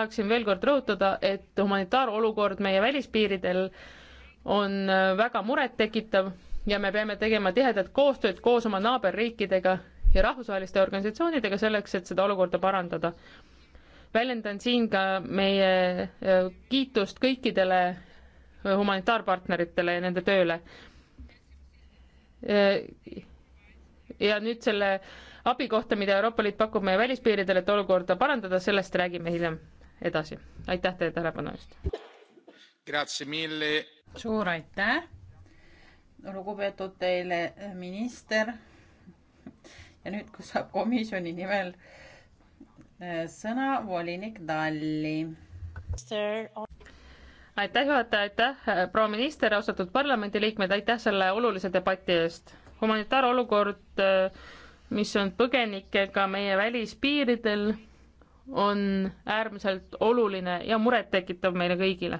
tahaksin veel kord rõhutada, et humanitaarolukord meie välispiiridel on äh, väga murettekitav ja me peame tegema tihedat koostööd koos oma naaberriikidega ja rahvusvaheliste organisatsioonidega selleks, et seda olukorda parandada. väljendan siin ka meie äh, kiitust kõikidele äh, humanitaarpartneritele ja nende tööle. ja nüüd selle abi kohta, mida Euroopa Liit pakub meie välispiiridel, et olukorda parandada, sellest räägime hiljem edasi. aitäh teile tähelepanu eest! suur aitäh, lugupeetud teile eh, minister. ja nüüd, kui saab komisjoni nimel eh, sõna volinik Talli. aitäh, juhataja, aitäh, eh, proua minister, austatud parlamendiliikmed, aitäh selle olulise debati eest. humanitaarolukord, mis on põgenikega meie välispiiridel on äärmiselt oluline ja murettekitav meile kõigile.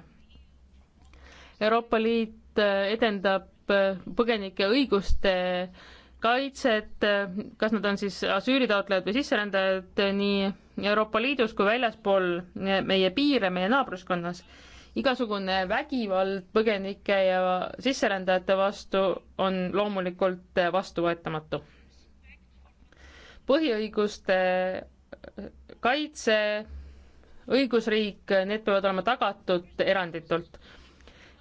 Euroopa Liit äh, edendab äh, põgenike õiguste äh, kaitset, kas nad on siis asüülitaotlejad või sisserändajad nii Euroopa Liidus kui väljaspool meie piire, meie naabruskonnas. igasugune vägivald põgenike ja sisserändajate vastu on loomulikult vastuvõetamatu. põhiõiguste kaitse, õigusriik, need peavad olema tagatud eranditult.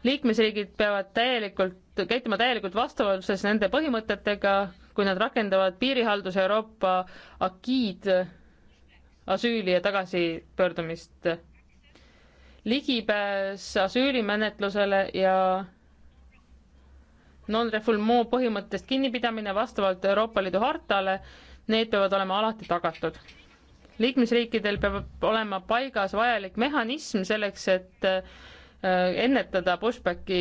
liikmesriigid peavad täielikult, käituma täielikult vastavuses nende põhimõtetega, kui nad rakendavad piirihalduse Euroopa akiid asüüli ja tagasipöördumist. ligipääs asüülimenetlusele ja non-refoulement põhimõttest kinnipidamine vastavalt Euroopa Liidu hartale, need peavad olema alati tagatud liikmesriikidel peab olema paigas vajalik mehhanism selleks, et äh, ennetada pushbacki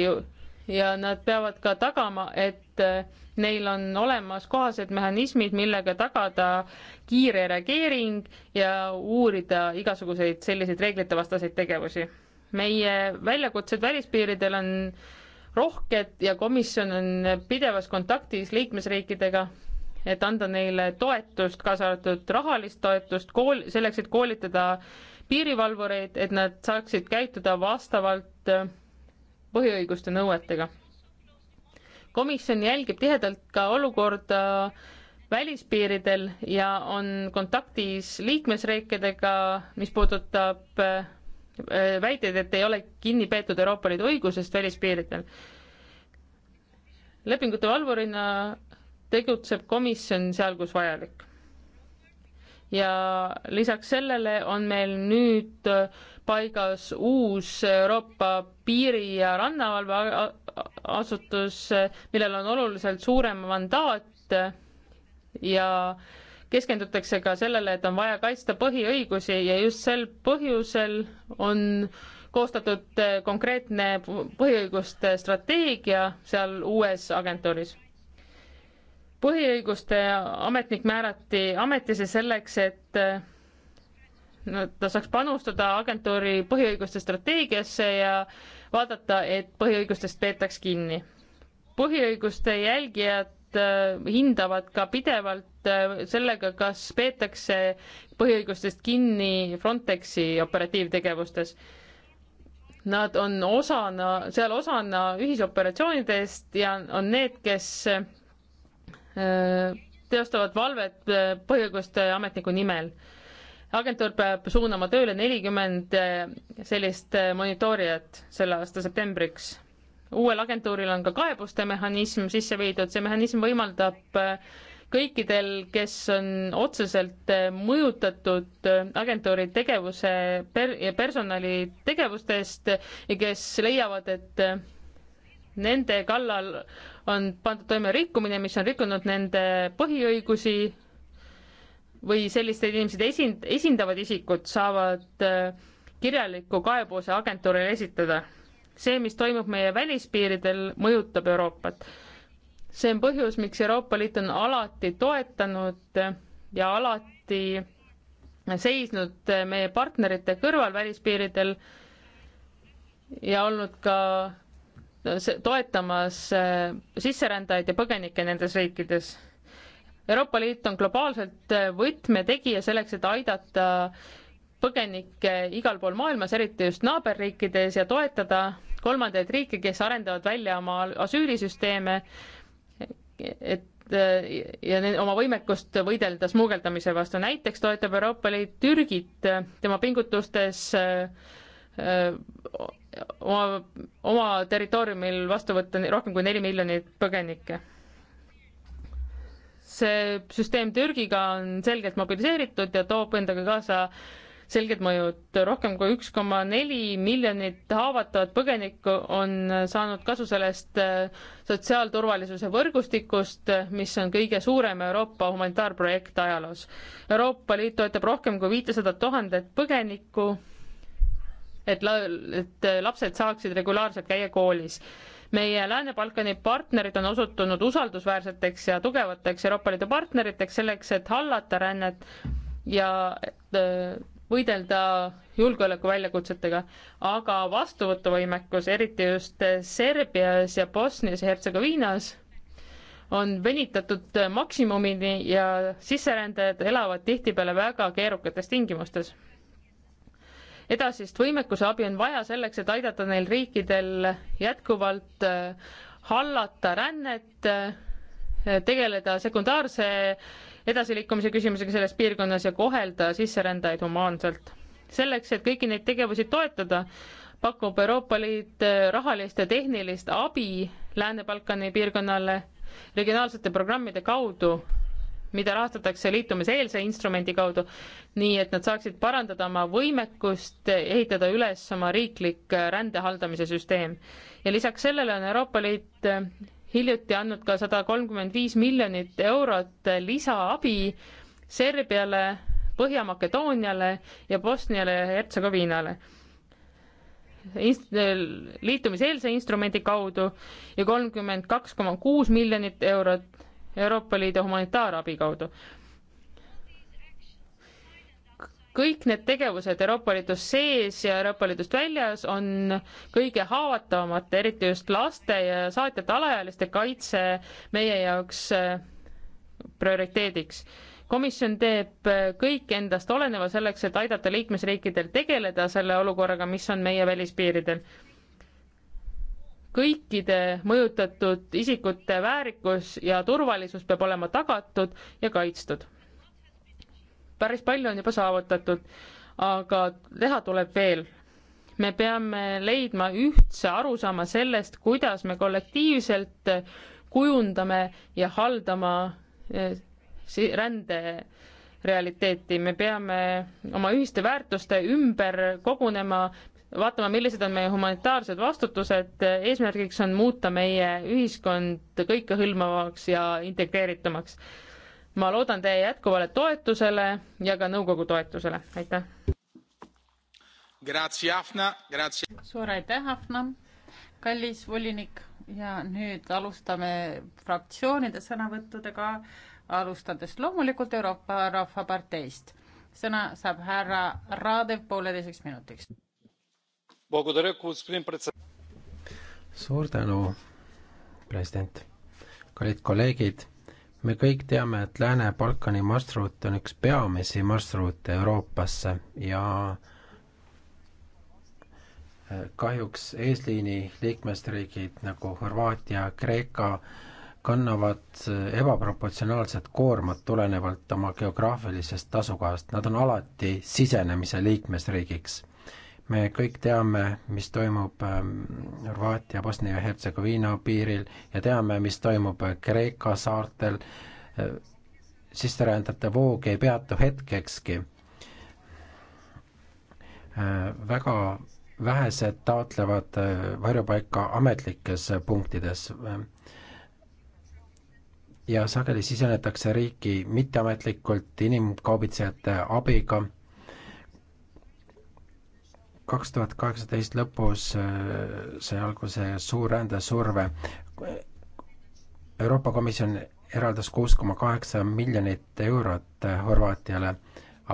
ja nad peavad ka tagama, et äh, neil on olemas kohased mehhanismid, millega tagada kiire reageering ja uurida igasuguseid selliseid reeglitevastaseid tegevusi. meie väljakutsed välispiiridel on rohked ja komisjon on pidevas kontaktis liikmesriikidega et anda neile toetust, kaasa arvatud rahalist toetust, kool, selleks, et koolitada piirivalvureid, et nad saaksid käituda vastavalt äh, põhiõiguste nõuetega. komisjon jälgib tihedalt ka olukorda äh, välispiiridel ja on kontaktis liikmesriikidega, mis puudutab äh, väiteid, et ei ole kinni peetud Euroopa Liidu õigusest välispiiridel. lepingute valvurina tegutseb komisjon seal, kus vajalik. ja lisaks sellele on meil nüüd paigas uus Euroopa Piiri- ja Rannavalveasutus, millel on oluliselt suurem mandaat ja keskendutakse ka sellele, et on vaja kaitsta põhiõigusi ja just sel põhjusel on koostatud konkreetne põhiõiguste strateegia seal uues agentuuris põhiõiguste ametnik määrati ametisse selleks, et no, ta saaks panustada agentuuri põhiõiguste strateegiasse ja vaadata, et põhiõigustest peetaks kinni. põhiõiguste jälgijad äh, hindavad ka pidevalt äh, sellega, kas peetakse põhiõigustest kinni Frontexi operatiivtegevustes nad on osana, seal osana ühisoperatsioonidest ja on need, kes teostavad valvet äh, põhiõiguste ametniku nimel. agentuur peab suunama tööle nelikümmend äh, sellist äh, monitoorijat selle aasta septembriks. uuel agentuuril on ka kaebuste mehhanism sisse viidud, see mehhanism võimaldab kõikidel, kes on otseselt mõjutatud agentuuri tegevuse per ja personali tegevustest ja kes leiavad, et nende kallal on pandud toime rikkumine, mis on rikkunud nende põhiõigusi või sellised inimesed esind-, esindavad isikud saavad äh, kirjaliku kaebuse agentuurile esitada. see, mis toimub meie välispiiridel, mõjutab Euroopat. see on põhjus, miks Euroopa Liit on alati toetanud äh, ja alati seisnud äh, meie partnerite kõrval välispiiridel ja olnud ka toetamas äh, sisserändajaid ja põgenikke nendes riikides. Euroopa Liit on globaalselt äh, võtmetegija selleks, et aidata põgenikke igal pool maailmas, eriti just naaberriikides ja toetada kolmandaid riike, kes arendavad välja oma asüülisüsteeme, et äh, ja oma võimekust võidelda smugeldamise vastu. näiteks toetab Euroopa Liit Türgit tema pingutustes oma, oma territooriumil vastu võtta rohkem kui neli miljonit põgenikke. see süsteem Türgiga on selgelt mobiliseeritud ja toob endaga kaasa selged mõjud. rohkem kui üks koma neli miljonit haavatavat põgenikku on saanud kasu sellest äh, sotsiaalturvalisuse võrgustikust, mis on kõige suurem Euroopa humanitaarprojekt ajaloos. Euroopa Liit toetab rohkem kui viitesadat tuhandet põgenikku et la-, et lapsed saaksid regulaarselt käia koolis. meie Lääne-Balkani partnerid on osutunud usaldusväärseteks ja tugevateks Euroopa Liidu partneriteks selleks, et hallata rännet ja äh, võidelda julgeoleku väljakutsetega, aga vastuvõtuvõimekus, eriti just Serbias ja Bosnias ja Hertsegoviinas, on venitatud maksimumini ja sisserändajad elavad tihtipeale väga keerukates tingimustes edasist võimekuse abi on vaja selleks, et aidata neil riikidel jätkuvalt äh, hallata rännet, äh, tegeleda sekundaarse edasiliikumise küsimusega selles piirkonnas ja kohelda sisserändajaid humaanselt. selleks, et kõiki neid tegevusi toetada, pakub Euroopa Liit äh, rahalist ja tehnilist abi Lääne-Balkani piirkonnale regionaalsete programmide kaudu mida rahastatakse liitumiseelse instrumendi kaudu, nii et nad saaksid parandada oma võimekust ehitada üles oma riiklik äh, rände haldamise süsteem. ja lisaks sellele on Euroopa Liit äh, hiljuti andnud ka sada kolmkümmend viis miljonit eurot äh, lisaabi Serbiale, Põhja-Makedooniale ja Bosniale ja Hertsegoviinale inst-, liitumiseelse instrumendi kaudu ja kolmkümmend kaks koma kuus miljonit eurot Euroopa Liidu humanitaarabi kaudu. kõik need tegevused Euroopa Liidus sees ja Euroopa Liidust väljas on kõige haavatavamate, eriti just laste ja saatjate alaealiste kaitse meie jaoks eh, prioriteediks komisjon teeb eh, kõik endast oleneva selleks, et aidata liikmesriikidel tegeleda selle olukorraga, mis on meie välispiiridel kõikide mõjutatud isikute väärikus ja turvalisus peab olema tagatud ja kaitstud. päris palju on juba saavutatud, aga teha tuleb veel. me peame leidma ühtse arusaama sellest, kuidas me kollektiivselt kujundame ja haldama eh, rände realiteeti, me peame oma ühiste väärtuste ümber kogunema, vaatama, millised on meie humanitaarsed vastutused, eesmärgiks on muuta meie ühiskond kõikehõlmavaks ja integreeritumaks. ma loodan teie jätkuvale toetusele ja ka nõukogu toetusele, aitäh! suur aitäh, Afna, kallis volinik ja nüüd alustame fraktsioonide sõnavõttudega, alustades loomulikult Euroopa Rahvaparteist. sõna saab härra Raadev pooleteiseks minutiks suur tänu, president. kallid kolleegid, me kõik teame, et Lääne-Balkani marsruut on üks peamisi marsruute Euroopasse ja kahjuks eesliini liikmesriigid nagu Horvaatia, Kreeka kannavad ebaproportsionaalset koormat tulenevalt oma geograafilisest asukohast, nad on alati sisenemise liikmesriigiks me kõik teame, mis toimub ähm, Horvaatia, Bosnia ja Hertsegoviina piiril ja teame, mis toimub äh, Kreeka saartel, äh, sisserändajate voog ei peatu hetkekski. Äh, väga vähesed taotlevad varjupaika ametlikes punktides. ja sageli sisenetakse riiki mitteametlikult inimkaubitsejate abiga kaks tuhat kaheksateist lõpus äh, sai alguse suur rändesurve. Euroopa Komisjon eraldas kuus koma kaheksa miljonit eurot äh, Horvaatiale,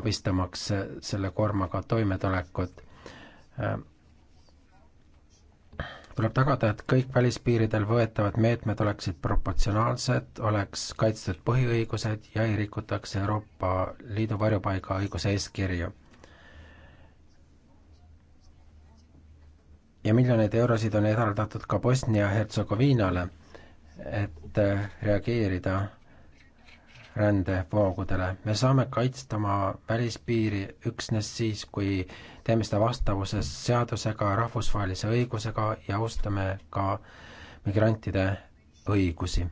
abistamaks äh, selle koormaga toimetulekut. tuleb tagada, et kõik välispiiridel võetavad meetmed oleksid proportsionaalsed, oleks kaitstud põhiõigused ja ei rikutaks Euroopa Liidu varjupaigaõiguse eeskirju ja miljoneid eurosid on eraldatud ka Bosnia-Hertsegoviinale, et äh, reageerida rändevoogudele. me saame kaitsta oma välispiiri üksnes siis, kui teeme seda vastavuses seadusega, rahvusvahelise õigusega ja austame ka migrantide õigusi.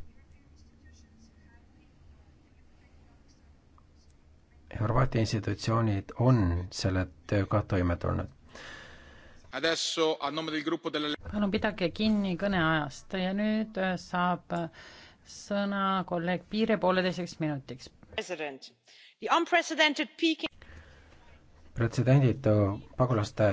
Horvaatia institutsioonid on selle tööga toime tulnud palun pidage kinni kõneajast ja nüüd äh, saab äh, sõna kolleeg Piire pooleteiseks minutiks. pretsedenditu pagulaste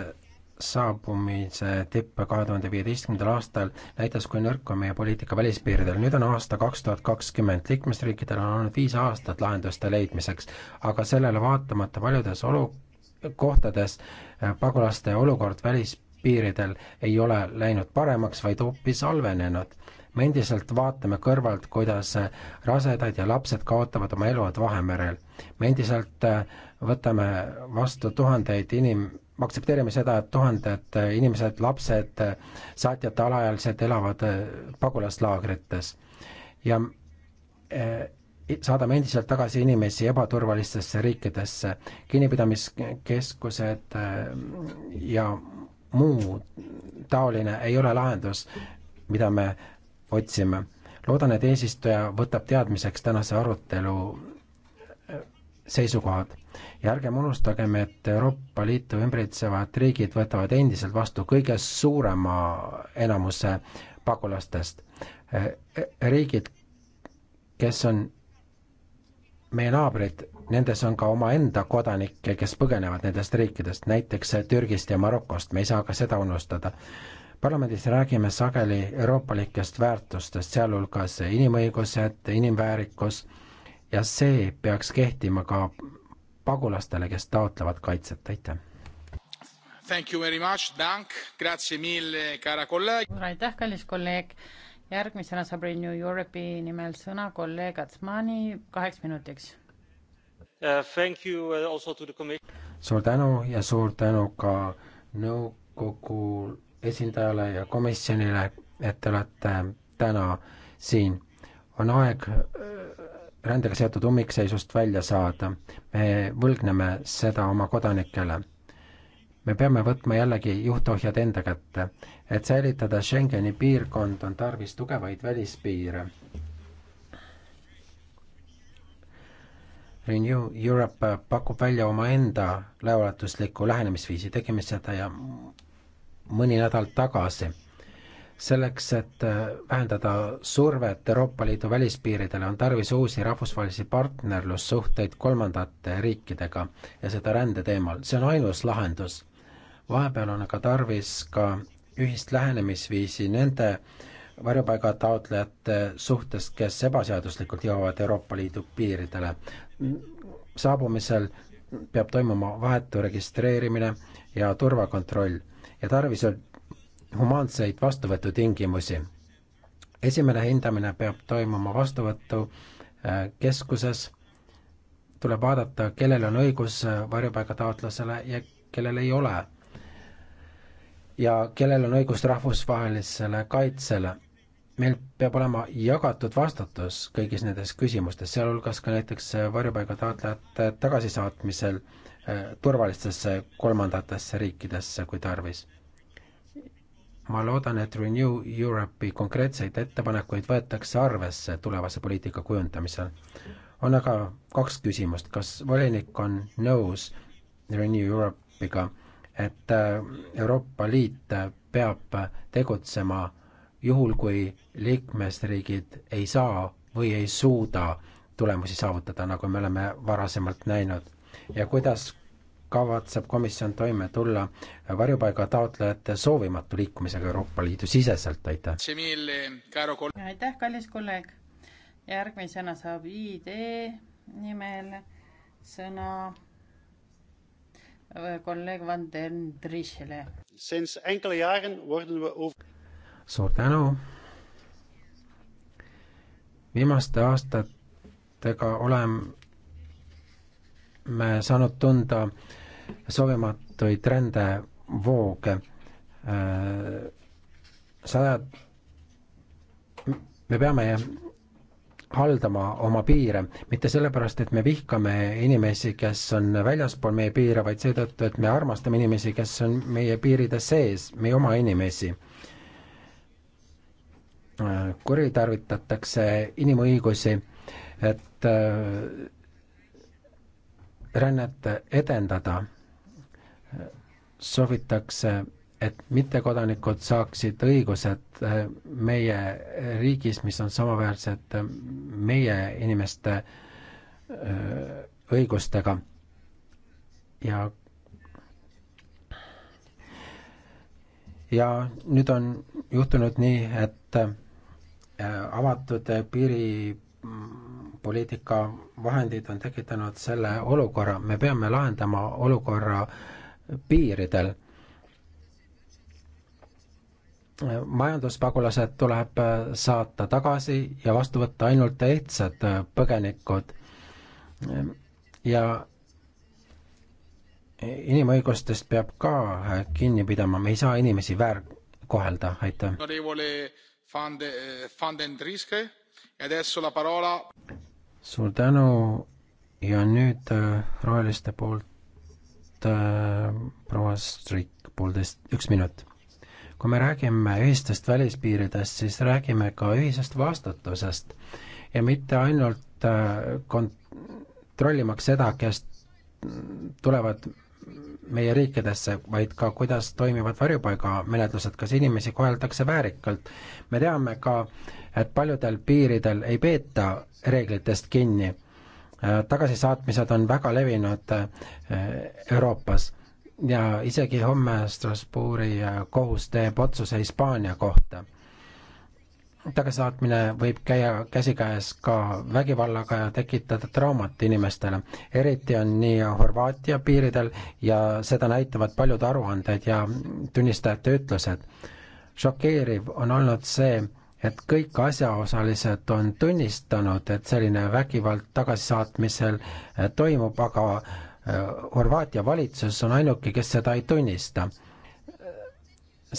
saabumise tipp kahe tuhande viieteistkümnendal aastal näitas, kui nõrk on meie poliitika välispiiridel. nüüd on aasta kaks tuhat kakskümmend, liikmesriikidel on olnud viis aastat lahenduste leidmiseks, aga sellele vaatamata paljudes olu-, kohtades äh, pagulaste olukord välispiiridel ei ole läinud paremaks, vaid hoopis halvenenud. me endiselt vaatame kõrvalt, kuidas äh, rasedad ja lapsed kaotavad oma elud Vahemerel. me endiselt äh, võtame vastu tuhandeid inim-, aktsepteerime seda, et tuhanded inimesed, lapsed, saatjate alaealised elavad pagulaslaagrites ja saadame endiselt tagasi inimesi ebaturvalistesse riikidesse. kinnipidamiskeskused äh, ja muu taoline ei ole lahendus, mida me otsime. loodan, et eesistuja võtab teadmiseks tänase arutelu äh, seisukohad ja ärgem unustagem, et Euroopa Liitu ümbritsevad riigid võtavad endiselt vastu kõige suurema enamuse pagulastest. Äh, e-, riigid, kes on meie naabrid, nendes on ka omaenda kodanikke, kes põgenevad nendest riikidest, näiteks Türgist ja Marokost, me ei saa ka seda unustada. parlamendis räägime sageli euroopalikest väärtustest, sealhulgas inimõigused, inimväärikus ja see peaks kehtima ka pagulastele, kes taotlevad kaitset, aitäh. aitäh, kallis kolleeg järgmisena saab Renew Europe'i nimel sõna kolleeg Atsmani kaheks minutiks uh,. uh suur tänu ja suur tänu ka nõukogu esindajale ja komisjonile, et te olete täna siin. on aeg uh, rändega seotud ummikseisust välja saada. me võlgneme seda oma kodanikele me peame võtma jällegi juhtohjad enda kätte. et säilitada Schengeni piirkond, on tarvis tugevaid välispiire. Renew Europe pakub välja omaenda laiaulatusliku lähenemisviisi, tegime seda ja mõni nädal tagasi. selleks, et äh, vähendada survet Euroopa Liidu välispiiridele, on tarvis uusi rahvusvahelisi partnerlussuhteid kolmandate riikidega ja seda rände teemal, see on ainus lahendus vahepeal on aga tarvis ka ühist lähenemisviisi nende varjupaigataotlejate suhtes, kes ebaseaduslikult jõuavad Euroopa Liidu piiridele. saabumisel peab toimuma vahetu registreerimine ja turvakontroll ja tarvis on humaanseid vastuvõtutingimusi. esimene hindamine peab toimuma vastuvõtukeskuses, äh, tuleb vaadata, kellel on õigus äh, varjupaigataotlusele ja kellel ei ole ja kellel on õigus rahvusvahelisele kaitsele. meil peab olema jagatud vastutus kõigis nendes küsimustes, sealhulgas ka näiteks varjupaiga taotlejate tagasisaatmisel eh, turvalistesse kolmandatesse riikidesse, kui tarvis. ma loodan, et Renew Europe'i konkreetseid ettepanekuid võetakse arvesse tulevase poliitika kujundamisel. on aga kaks küsimust, kas volinik on nõus Renew Europe'iga et äh, Euroopa Liit peab tegutsema juhul, kui liikmesriigid ei saa või ei suuda tulemusi saavutada, nagu me oleme varasemalt näinud. ja kuidas kavatseb komisjon toime tulla varjupaiga taotlejate soovimatu liikumisega Euroopa Liidu siseselt, aitäh! aitäh, kallis kolleeg! järgmisena saab ID nimel sõna Eh, kolleeg Van den Drieschele. suur tänu. viimaste aastatega oleme saanud tunda soovimatuid rändevooge. Eh, sajad, me peame haldama oma piire, mitte sellepärast, et me vihkame inimesi, kes on väljaspool meie piire, vaid seetõttu, et me armastame inimesi, kes on meie piiride sees, meie oma inimesi. kuritarvitatakse inimõigusi, et äh, rännet edendada, soovitakse et mittekodanikud saaksid õigused äh, meie riigis, mis on samaväärsed äh, meie inimeste äh, õigustega. ja ja nüüd on juhtunud nii, et avatud piiripoliitika mm, vahendid on tekitanud selle olukorra, me peame lahendama olukorra piiridel majanduspagulased tuleb äh, saata tagasi ja vastu võtta ainult ehtsad äh, põgenikud. ja inimõigustest peab ka äh, kinni pidama, me ei saa inimesi väärkohelda, aitäh. suur tänu ja nüüd roheliste poolt proua Strik, poolteist, üks minut kui me räägime ühistest välispiiridest, siis räägime ka ühisest vastutusest ja mitte ainult äh, kontrollimaks seda, kes tulevad meie riikidesse, vaid ka kuidas toimivad varjupaigamenetlused, kas inimesi koheldakse väärikalt. me teame ka, et paljudel piiridel ei peeta reeglitest kinni. Äh, tagasisaatmised on väga levinud äh, Euroopas ja isegi homme Strasbourgi kohus teeb otsuse Hispaania kohta. tagasaatmine võib käia käsikäes ka vägivallaga ja tekitada traumat inimestele. eriti on nii Horvaatia piiridel ja seda näitavad paljud aruanded ja tunnistajate ütlused. šokeeriv on olnud see, et kõik asjaosalised on tunnistanud, et selline vägivald tagasisaatmisel toimub, aga Horvaatia valitsus on ainuke, kes seda ei tunnista.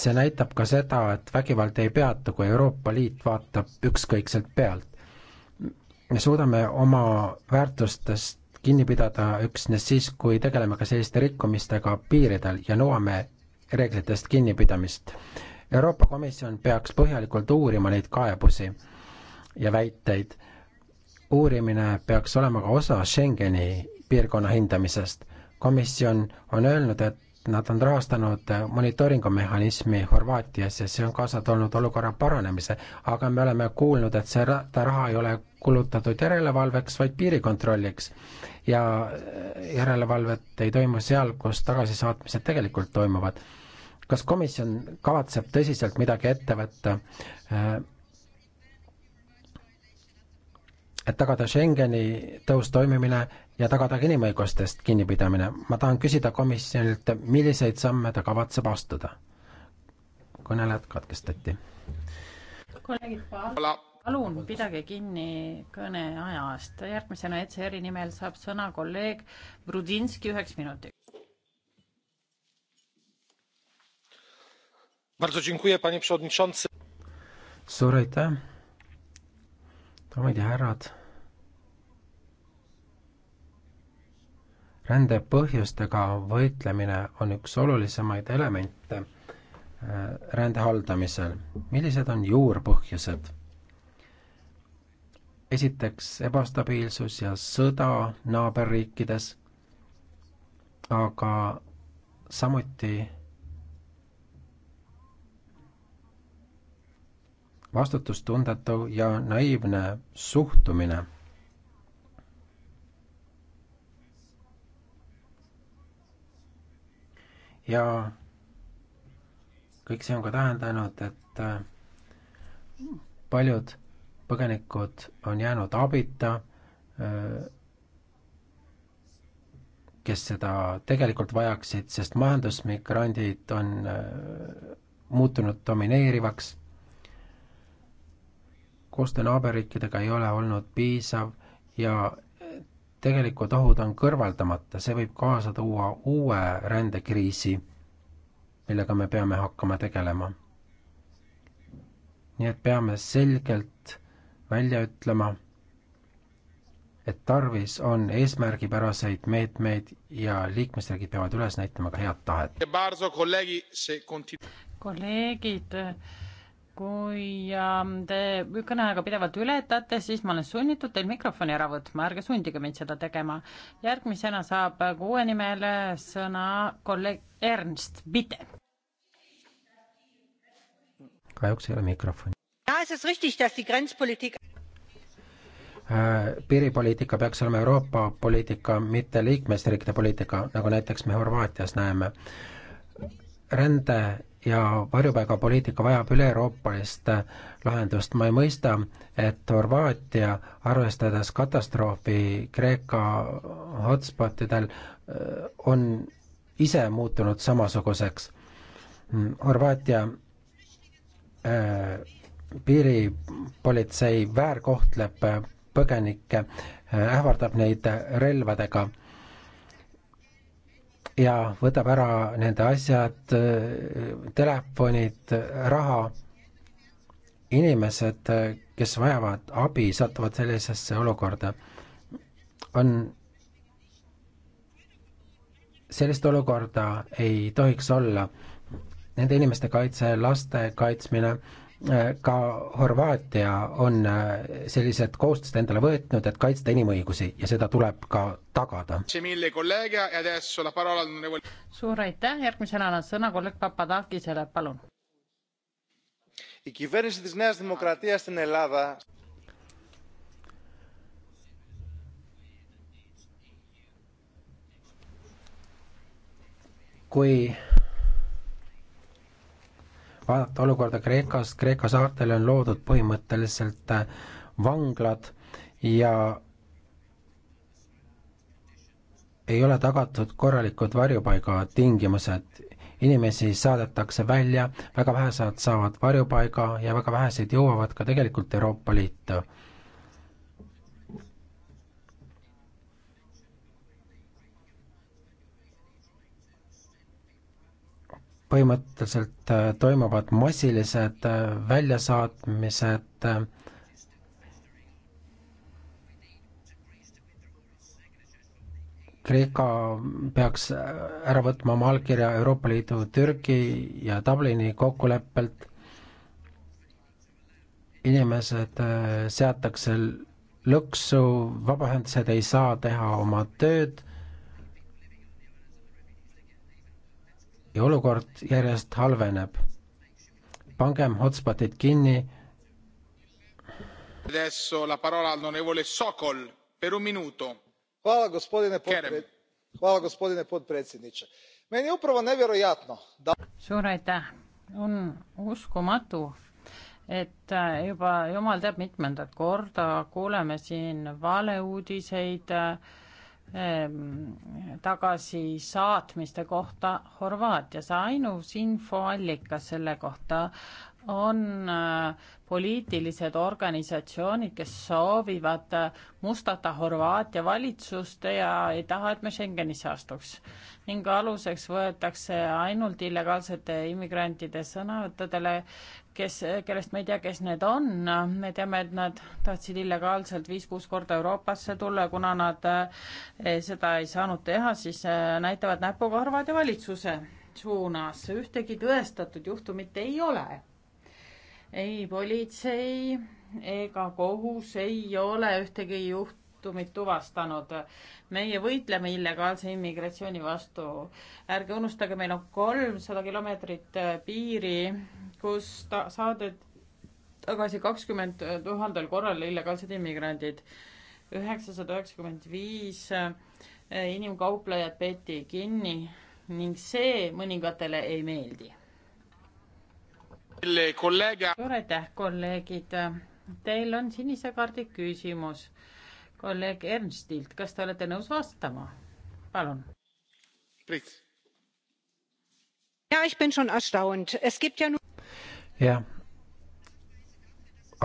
see näitab ka seda, et vägivald ei peatu, kui Euroopa Liit vaatab ükskõikselt pealt. me suudame oma väärtustest kinni pidada üksnes siis, kui tegeleme ka selliste rikkumistega piiridel ja nõuame reeglitest kinnipidamist. Euroopa Komisjon peaks põhjalikult uurima neid kaebusi ja väiteid uurimine peaks olema ka osa Schengeni piirkonna hindamisest. komisjon on öelnud, et nad on rahastanud monitooringumehhanismi Horvaatias ja see on kaasa toonud olukorra paranemise, aga me oleme kuulnud, et see ta raha ei ole kulutatud järelevalveks, vaid piirikontrolliks. ja järelevalvet ei toimu seal, kus tagasisaatmised tegelikult toimuvad. kas komisjon kavatseb tõsiselt midagi ette võtta? Äh, et tagada Schengeni tõus toimimine ja tagada ka inimõigustest kinnipidamine. ma tahan küsida komisjonilt, milliseid samme ta kavatseb astuda? kõnelejad katkestati. kolleegid, palun pidage kinni kõneajast. järgmisena ECR-i nimel saab sõna kolleeg Brudinski üheks minutiks. suur aitäh daamid ja härrad, rände põhjustega võitlemine on üks olulisemaid elemente äh, rände haldamisel. millised on juurpõhjused? esiteks ebastabiilsus ja sõda naaberriikides, aga samuti vastutustundetu ja naiivne suhtumine. ja kõik see on ka tähendanud, et äh, paljud põgenikud on jäänud abita, äh, kes seda tegelikult vajaksid, sest majandusmigrandid on äh, muutunud domineerivaks koostöö naaberriikidega ei ole olnud piisav ja tegelikud ohud on kõrvaldamata, see võib kaasa tuua uue rändekriisi, millega me peame hakkama tegelema. nii et peame selgelt välja ütlema, et tarvis on eesmärgipäraseid meetmeid ja liikmesriigid peavad üles näitama ka head tahet. kolleegid kui ähm, te kõneaega pidevalt ületate, siis ma olen sunnitud teil mikrofoni ära võtma, ärge sundige mind seda tegema. järgmisena saab kuue nimel sõna kolleeg Ernst, bitte. kahjuks ei ole mikrofoni. Äh, piiripoliitika peaks olema Euroopa poliitika, mitte liikmesriikide poliitika, nagu näiteks me Horvaatias näeme. rände ja varjupaigapoliitika vajab üle-euroopalist äh, lahendust. ma ei mõista, et Horvaatia, arvestades katastroofi Kreeka hotspotidel, äh, on ise muutunud samasuguseks. Mm, Horvaatia äh, piiripolitsei väärkohtleb põgenikke, ähvardab neid relvadega ja võtab ära nende asjad, telefonid, raha. inimesed, kes vajavad abi, satuvad sellisesse olukorda. on, sellist olukorda ei tohiks olla. Nende inimeste kaitse, laste kaitsmine Äh, ka Horvaatia on äh, sellised kohustused endale võtnud, et kaitsta inimõigusi ja seda tuleb ka tagada. suur aitäh, järgmisena annan sõna kolleeg Papadakisele, palun. kui vaadata olukorda Kreekas, Kreeka saartel on loodud põhimõtteliselt äh, vanglad ja ei ole tagatud korralikud varjupaiga tingimused. inimesi saadetakse välja, väga vähesed saavad varjupaiga ja väga vähesed jõuavad ka tegelikult Euroopa Liitu põhimõtteliselt äh, toimuvad massilised äh, väljasaatmised äh, Kreeka peaks ära võtma oma allkirja Euroopa Liidu Türgi ja Dublini kokkuleppelt. inimesed seatakse lõksu, vabaühendused ei saa teha oma tööd ja olukord järjest halveneb. pangem hotspotid kinni. gospodine potpredsjedniče meni je upravo nevjerojatno da. suur aitäh on uskumatu et äh, juba jumal teab mitmendat korda kuuleme siin valeuudiseid äh, Ehm, tagasisaatmiste kohta Horvaatias. ainus infoallikas selle kohta on äh, poliitilised organisatsioonid, kes soovivad äh, mustata Horvaatia valitsust ja ei taha, et me Schengenisse astuks. ning aluseks võetakse ainult illegaalsete immigrantide sõnavõttudele, kes, kellest me ei tea, kes need on, me teame, et nad tahtsid illegaalselt viis-kuus korda Euroopasse tulla ja kuna nad eh, seda ei saanud teha, siis eh, näitavad näpuga Horvaatia valitsuse suunas, ühtegi tõestatud juhtumit ei ole. ei politsei ega kohus ei ole ühtegi juht-, juhtumid tuvastanud. meie võitleme illegaalse immigratsiooni vastu. ärge unustage, meil on kolmsada kilomeetrit äh, piiri, kus ta-, saadet-, tagasi kakskümmend tuhandel korral illegaalsed immigrandid. üheksasada üheksakümmend viis äh, inimkauplejad peeti kinni ning see mõningatele ei meeldi. suur aitäh, kolleegid. Teil on sinise kaardi küsimus kolleeg Ernstilt, kas te olete nõus vastama? palun. jah,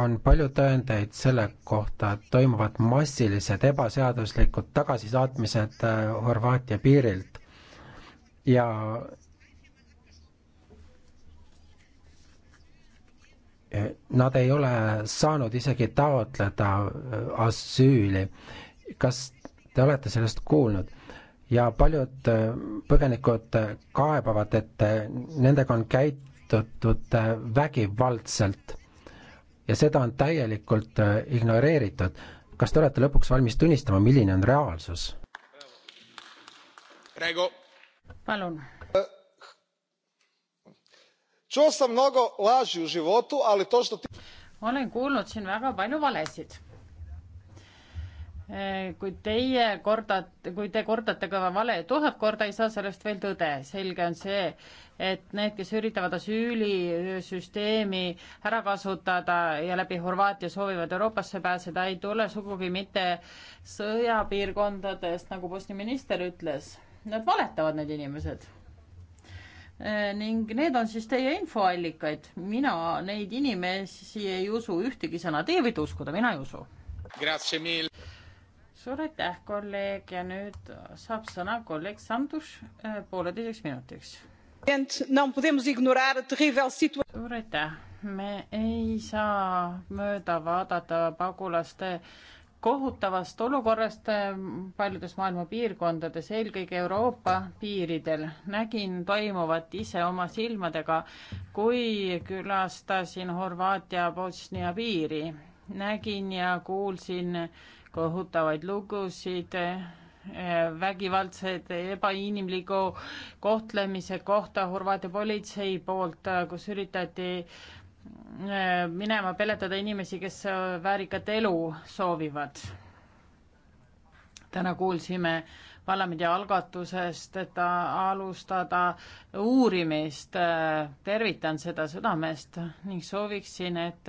on palju tõendeid selle kohta, et toimuvad massilised ebaseaduslikud tagasisaatmised äh, Horvaatia piirilt ja nad ei ole saanud isegi taotleda äh, asüüli. kas te olete sellest kuulnud? ja paljud äh, põgenikud äh, kaebavad, et nendega on käitutud vägivaldselt ja seda on täielikult ignoreeritud. kas te olete lõpuks valmis tunnistama, milline on reaalsus? palun čuo sam mnogo laži u životu ali to što ti... olen kuulnud siin väga palju valesid e, kui teie kordate, kui te kordate ka vale tuhat korda, ei saa sellest veel tõde. selge on see, et need, kes üritavad asüülisüsteemi ära kasutada ja läbi Horvaatia soovivad Euroopasse pääseda, ei tule sugugi mitte sõjapiirkondadest, nagu Bosnia minister ütles. Nad valetavad, need inimesed Eh, ning need on siis teie infoallikaid. mina neid inimesi ei usu ühtegi sõna, teie võite uskuda, mina ei usu. suur aitäh, kolleeg ja nüüd saab sõna kolleeg Sandus eh, pooleteiseks minutiks. suur aitäh, me ei saa mööda vaadata pagulaste äh, kohutavast olukorrast ehm, paljudes maailma piirkondades, eelkõige Euroopa piiridel. nägin toimuvat ise oma silmadega, kui külastasin Horvaatia-Bosnia piiri. nägin ja kuulsin kohutavaid lugusid, ehm, vägivaldse ebainimliku kohtlemise kohta Horvaatia politsei poolt, kus üritati äh, minema peletada inimesi, kes väärikat elu soovivad. täna kuulsime parlamendi algatusest, et alustada uurimist. tervitan seda südamest ning sooviksin, et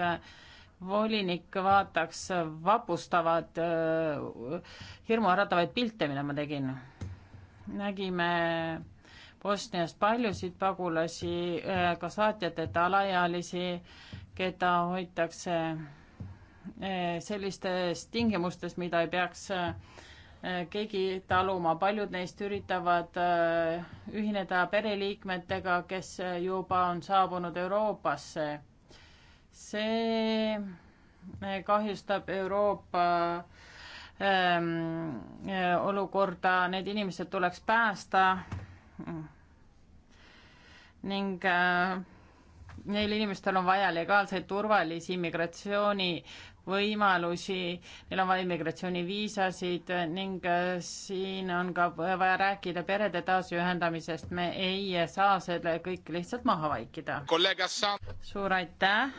volinik vaataks vapustavad, hirmuäratavaid pilte, mida ma tegin. nägime Bosniast paljusid pagulasi, äh, ka saatjateta alaealisi, keda hoitakse äh, sellistes tingimustes, mida ei peaks äh, keegi taluma, paljud neist üritavad ühineda pereliikmetega, kes juba on saabunud Euroopasse. see kahjustab Euroopa ähm, olukorda, need inimesed tuleks päästa Mm. ning äh, neil inimestel on vaja legaalseid turvalisi immigratsioonivõimalusi, neil on vaja immigratsiooniviisasid ning äh, siin on ka vaja rääkida perede taasühendamisest, me ei saa selle kõik lihtsalt maha vaikida. suur aitäh.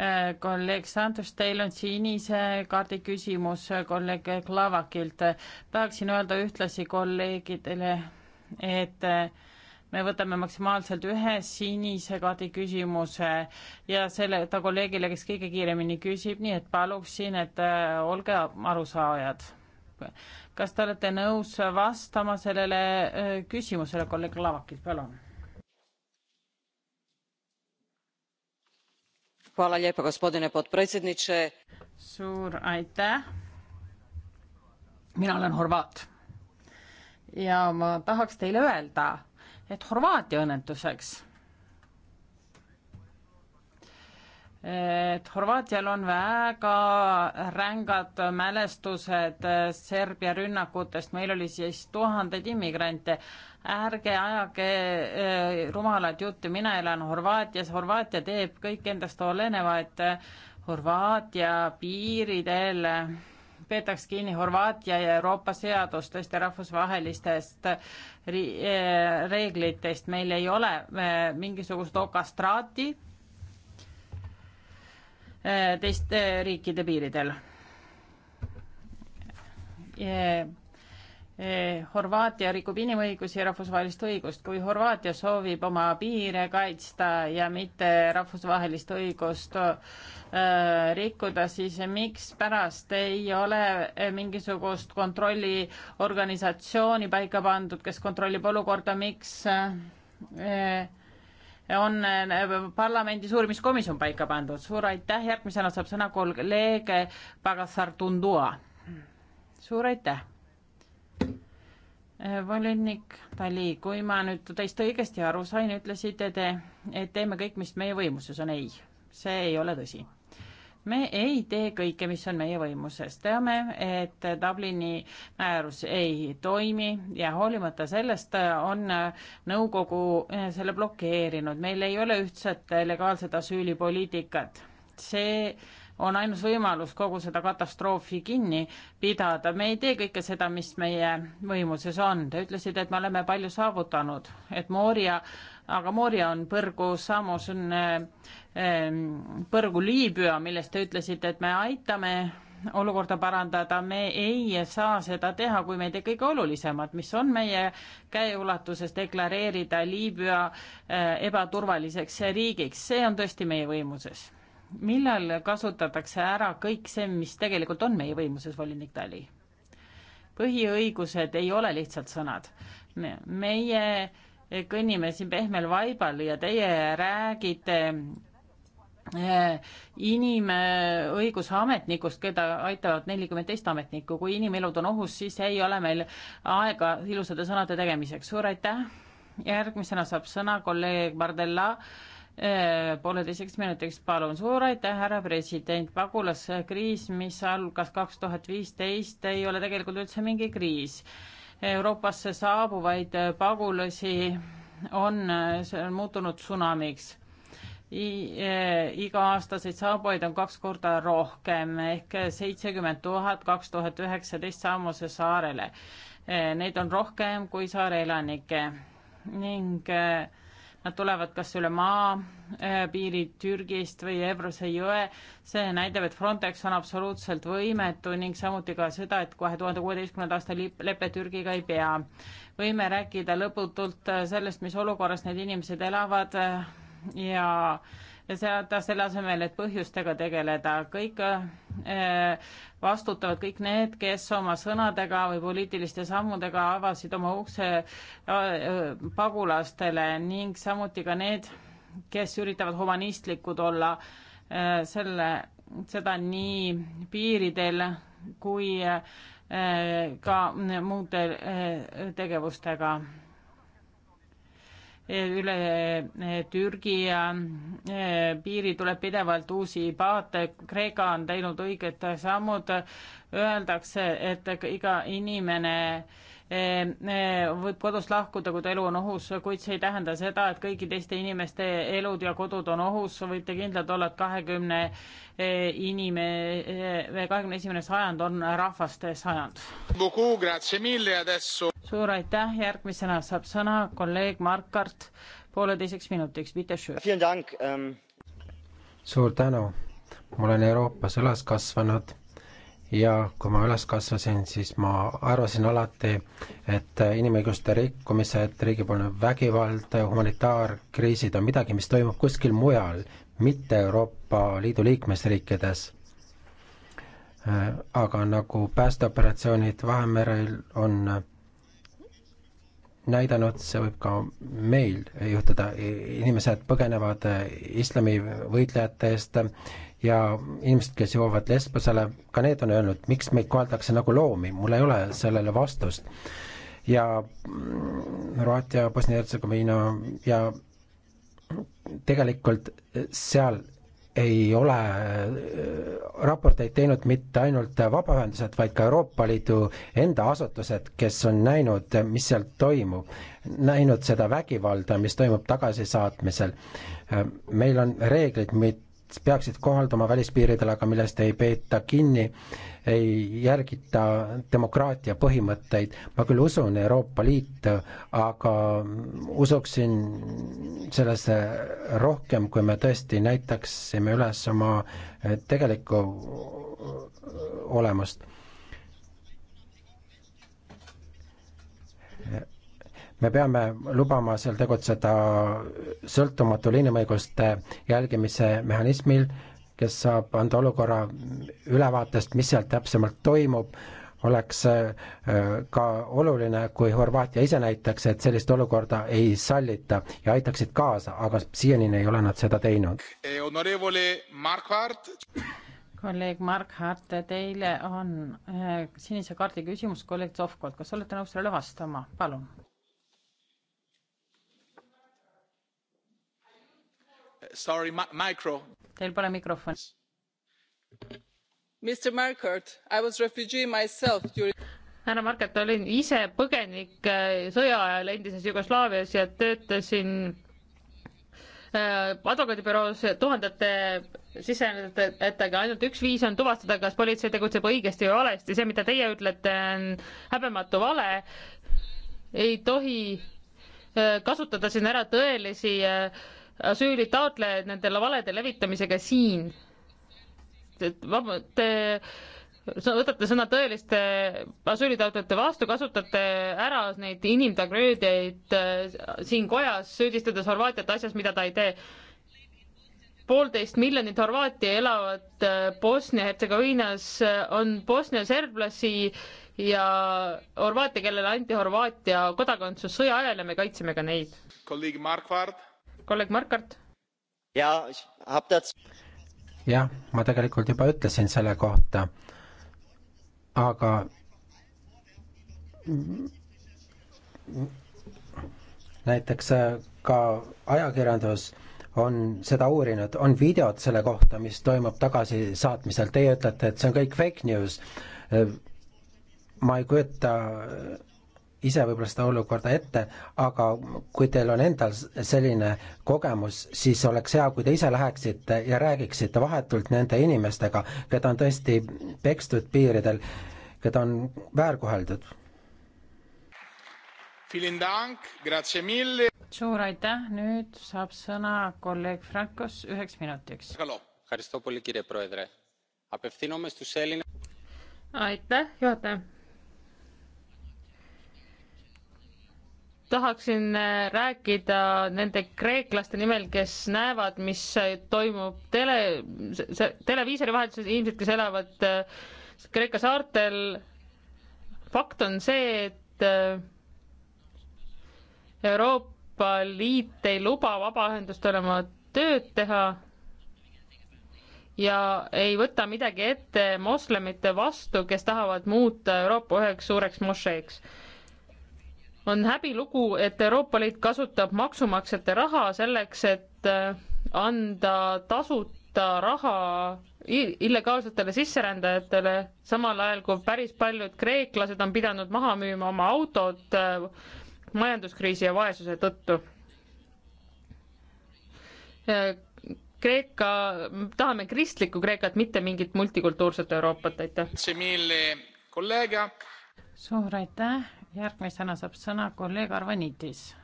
Äh, kolleeg Santos, teil on sinise kaardi küsimus kolleeg Klavakilt. tahaksin öelda ühtlasi kolleegidele et eh, me võtame maksimaalselt ühe sinise kaardi küsimuse ja selle ta kolleegile, kes kõige kiiremini küsib, nii et paluksin, et eh, olge arusaajad. kas te olete nõus vastama sellele eh, küsimusele, kolleeg Lavakil, palun? suur aitäh. mina olen horvaat ja ma tahaks teile öelda, et Horvaatia õnnetuseks, et Horvaatial on väga rängad mälestused Serbia rünnakutest, meil oli siis tuhandeid immigrante, ärge ajage eh, rumalat juttu, mina elan Horvaatias, Horvaatia teeb kõik endast oleneva, et Horvaatia piiridel peetaks kinni Horvaatia ja Euroopa seadustest ja rahvusvahelistest eh, reeglitest. meil ei ole eh, mingisugust okastraati eh, teiste riikide piiridel. Eh, Horvaatia rikub inimõigusi ja rahvusvahelist õigust, kui Horvaatia soovib oma piire kaitsta ja mitte rahvusvahelist õigust äh, rikkuda, siis mikspärast ei ole eh, mingisugust kontrolliorganisatsiooni paika pandud, kes kontrollib olukorda, miks äh, on parlamendis uurimiskomisjon paika pandud. suur aitäh, järgmisena saab sõna kolleeg Pagasar Tundua. suur aitäh Äh, volinik Tali, kui ma nüüd teist õigesti aru sain, ütlesite te, et teeme kõik, mis meie võimuses on. ei, see ei ole tõsi. me ei tee kõike, mis on meie võimuses. teame, et Dublini määrus ei toimi ja hoolimata sellest on nõukogu äh, selle blokeerinud. meil ei ole ühtset legaalset asüülipoliitikat. see on ainus võimalus kogu seda katastroofi kinni pidada. me ei tee kõike seda, mis meie võimuses on. Te ütlesite, et me oleme palju saavutanud, et Moria, aga Moria on põrgu, samus on ähm, põrgu Liibüa, millest te ütlesite, et me aitame olukorda parandada, me ei saa seda teha, kui me ei tee kõige olulisemat, mis on meie käeulatuses deklareerida Liibüa äh, ebaturvaliseks riigiks, see on tõesti meie võimuses millal kasutatakse ära kõik see, mis tegelikult on meie võimuses, volinik Tali? põhiõigused ei ole lihtsalt sõnad. meie kõnnime siin pehmel vaibal ja teie räägite eh, inimõiguse ametnikust, keda aitavad nelikümmend teist ametnikku, kui inimelud on ohus, siis ei ole meil aega ilusate sõnade tegemiseks. suur aitäh, järgmisena saab sõna kolleeg Mardella äh, Äh, pooleteiseks minutiks, palun. suur aitäh, härra president. pagulaskriis, mis algas kaks tuhat viisteist, ei ole tegelikult üldse mingi kriis. Euroopasse saabuvaid pagulasi on muutunud tsunamiks äh, iga-aastaseid saabujaid on kaks korda rohkem ehk seitsekümmend tuhat kaks tuhat üheksateist Samose saarele. Äh, neid on rohkem kui saare elanikke ning äh, Nad tulevad kas üle maapiiri eh, Türgist või Ebrose jõe. see näitab, et Frontex on absoluutselt võimetu ning samuti ka seda, et kahe tuhande kuueteistkümnenda aasta lepe Türgiga ei pea. võime rääkida lõputult eh, sellest, mis olukorras need inimesed elavad eh, ja äh, ja seda selle asemel, et põhjustega tegeleda. kõik äh, vastutavad kõik need, kes oma sõnadega või poliitiliste sammudega avasid oma ukse äh, äh, pagulastele ning samuti ka need, kes üritavad humanistlikud olla selle, seda nii piiridel kui ka muude tegevustega üle eh, Türgi eh, piiri tuleb pidevalt uusi paate, Kreeka on teinud õiged sammud, öeldakse, et iga inimene Eh, eh, võib kodust lahkuda, kui ta elu on ohus, kuid see ei tähenda seda, et kõigi teiste inimeste elud ja kodud on ohus, võite kindlad olla, et kahekümne eh, inime-, kahekümne esimene sajand on rahvaste sajand. suur aitäh, järgmisena saab sõna kolleeg Markart pooleteiseks minutiks, ähm. suur tänu, ma olen Euroopas üles kasvanud ja kui ma üles kasvasin, siis ma arvasin alati, et inimõiguste rikkumised, riigipoolne vägivald, humanitaarkriisid on midagi, mis toimub kuskil mujal, mitte Euroopa Liidu liikmesriikides aga nagu päästeoperatsioonid Vahemerel on näidanud, see võib ka meil juhtuda, inimesed põgenevad islamivõitlejate eest, ja inimesed, kes jõuavad Lesbosele, ka need on öelnud, miks meid koheldakse nagu loomi, mul ei ole sellele vastust. ja mm, Horvaatia, Bosnia-Hertsegoviina ja tegelikult seal ei ole äh, raporteid teinud mitte ainult vabaühendused, vaid ka Euroopa Liidu enda asutused, kes on näinud, mis seal toimub, näinud seda vägivalda, mis toimub tagasisaatmisel. Äh, meil on reeglid, mida peaksid kohalduma välispiiridel, aga millest ei peeta kinni, ei järgita demokraatia põhimõtteid. ma küll usun Euroopa Liitu, aga usuksin sellesse rohkem, kui me tõesti näitaksime üles oma tegelikku olemust me peame lubama seal tegutseda sõltumatul inimõiguste jälgimise mehhanismil, kes saab anda olukorra ülevaatest, mis seal täpsemalt toimub, oleks äh, ka oluline, kui Horvaatia ise näitaks, et sellist olukorda ei sallita ja aitaksid kaasa, aga siiani ei ole nad seda teinud. Eh, kolleeg Markhart, teile on äh, sinise kaardi küsimus kolleeg Zovkolt, kas olete nõus sellele vastama, palun? Sorry, micro. Teil pole mikrofoni. Mr Markert, I was refugee myself during härra Markert, olin ise põgenik äh, sõja ajal endises Jugoslaavias ja töötasin äh, advokaadibüroos tuhandete sisenejatega, ainult üks viis on tuvastada, kas politsei tegutseb õigesti või valesti, see, mida teie ütlete, on häbematu vale, ei tohi äh, kasutada siin ära tõelisi äh, asüüli taotlejad nendele valede levitamisega siin. et vaba, te võtate sõna tõeliste asüülitaotlejate vastu, kasutate ära neid inimtragöödiaid äh, siin kojas, süüdistades Horvaatiat asjas, mida ta ei tee. poolteist miljonit Horvaati elavad äh, Bosnia-Hertsegoviinas, äh, on Bosnia serblasi ja Horvaatia, kellele anti Horvaatia kodakondsus sõja ajal ja me kaitseme ka neid. kolleeg Markvard kolleeg Markart. jah, ma tegelikult juba ütlesin selle kohta, aga näiteks äh, ka ajakirjandus on seda uurinud, on videod selle kohta, mis toimub tagasisaatmisel, teie ütlete, et see on kõik fake news. Äh, ma ei kujuta ise võib-olla seda olukorda ette, aga kui teil on endal selline kogemus, siis oleks hea, kui te ise läheksite ja räägiksite vahetult nende inimestega, keda on tõesti pekstud piiridel, keda on väärkoheldud. suur aitäh, nüüd saab sõna kolleeg Frankos üheks minutiks. aitäh, juhataja tahaksin äh, rääkida nende kreeklaste nimel, kes näevad, mis äh, toimub tele, televiisori vahetuses, inimesed, kes elavad äh, Kreeka saartel. fakt on see, et Euroopa Liit ei luba vabaühendustel oma tööd teha ja ei võta midagi ette moslemite vastu, kes tahavad muuta Euroopa üheks suureks mošeeks on häbilugu, et Euroopa Liit kasutab maksumaksjate raha selleks, et äh, anda tasuta raha illegaalsetele sisserändajatele, samal ajal kui päris paljud kreeklased on pidanud maha müüma oma autod äh, majanduskriisi ja vaesuse tõttu. Kreeka, tahame kristlikku Kreekat, mitte mingit multikultuurset Euroopat, aitäh! suur aitäh, järgmisena saab sõna kolleeg Arvanitis.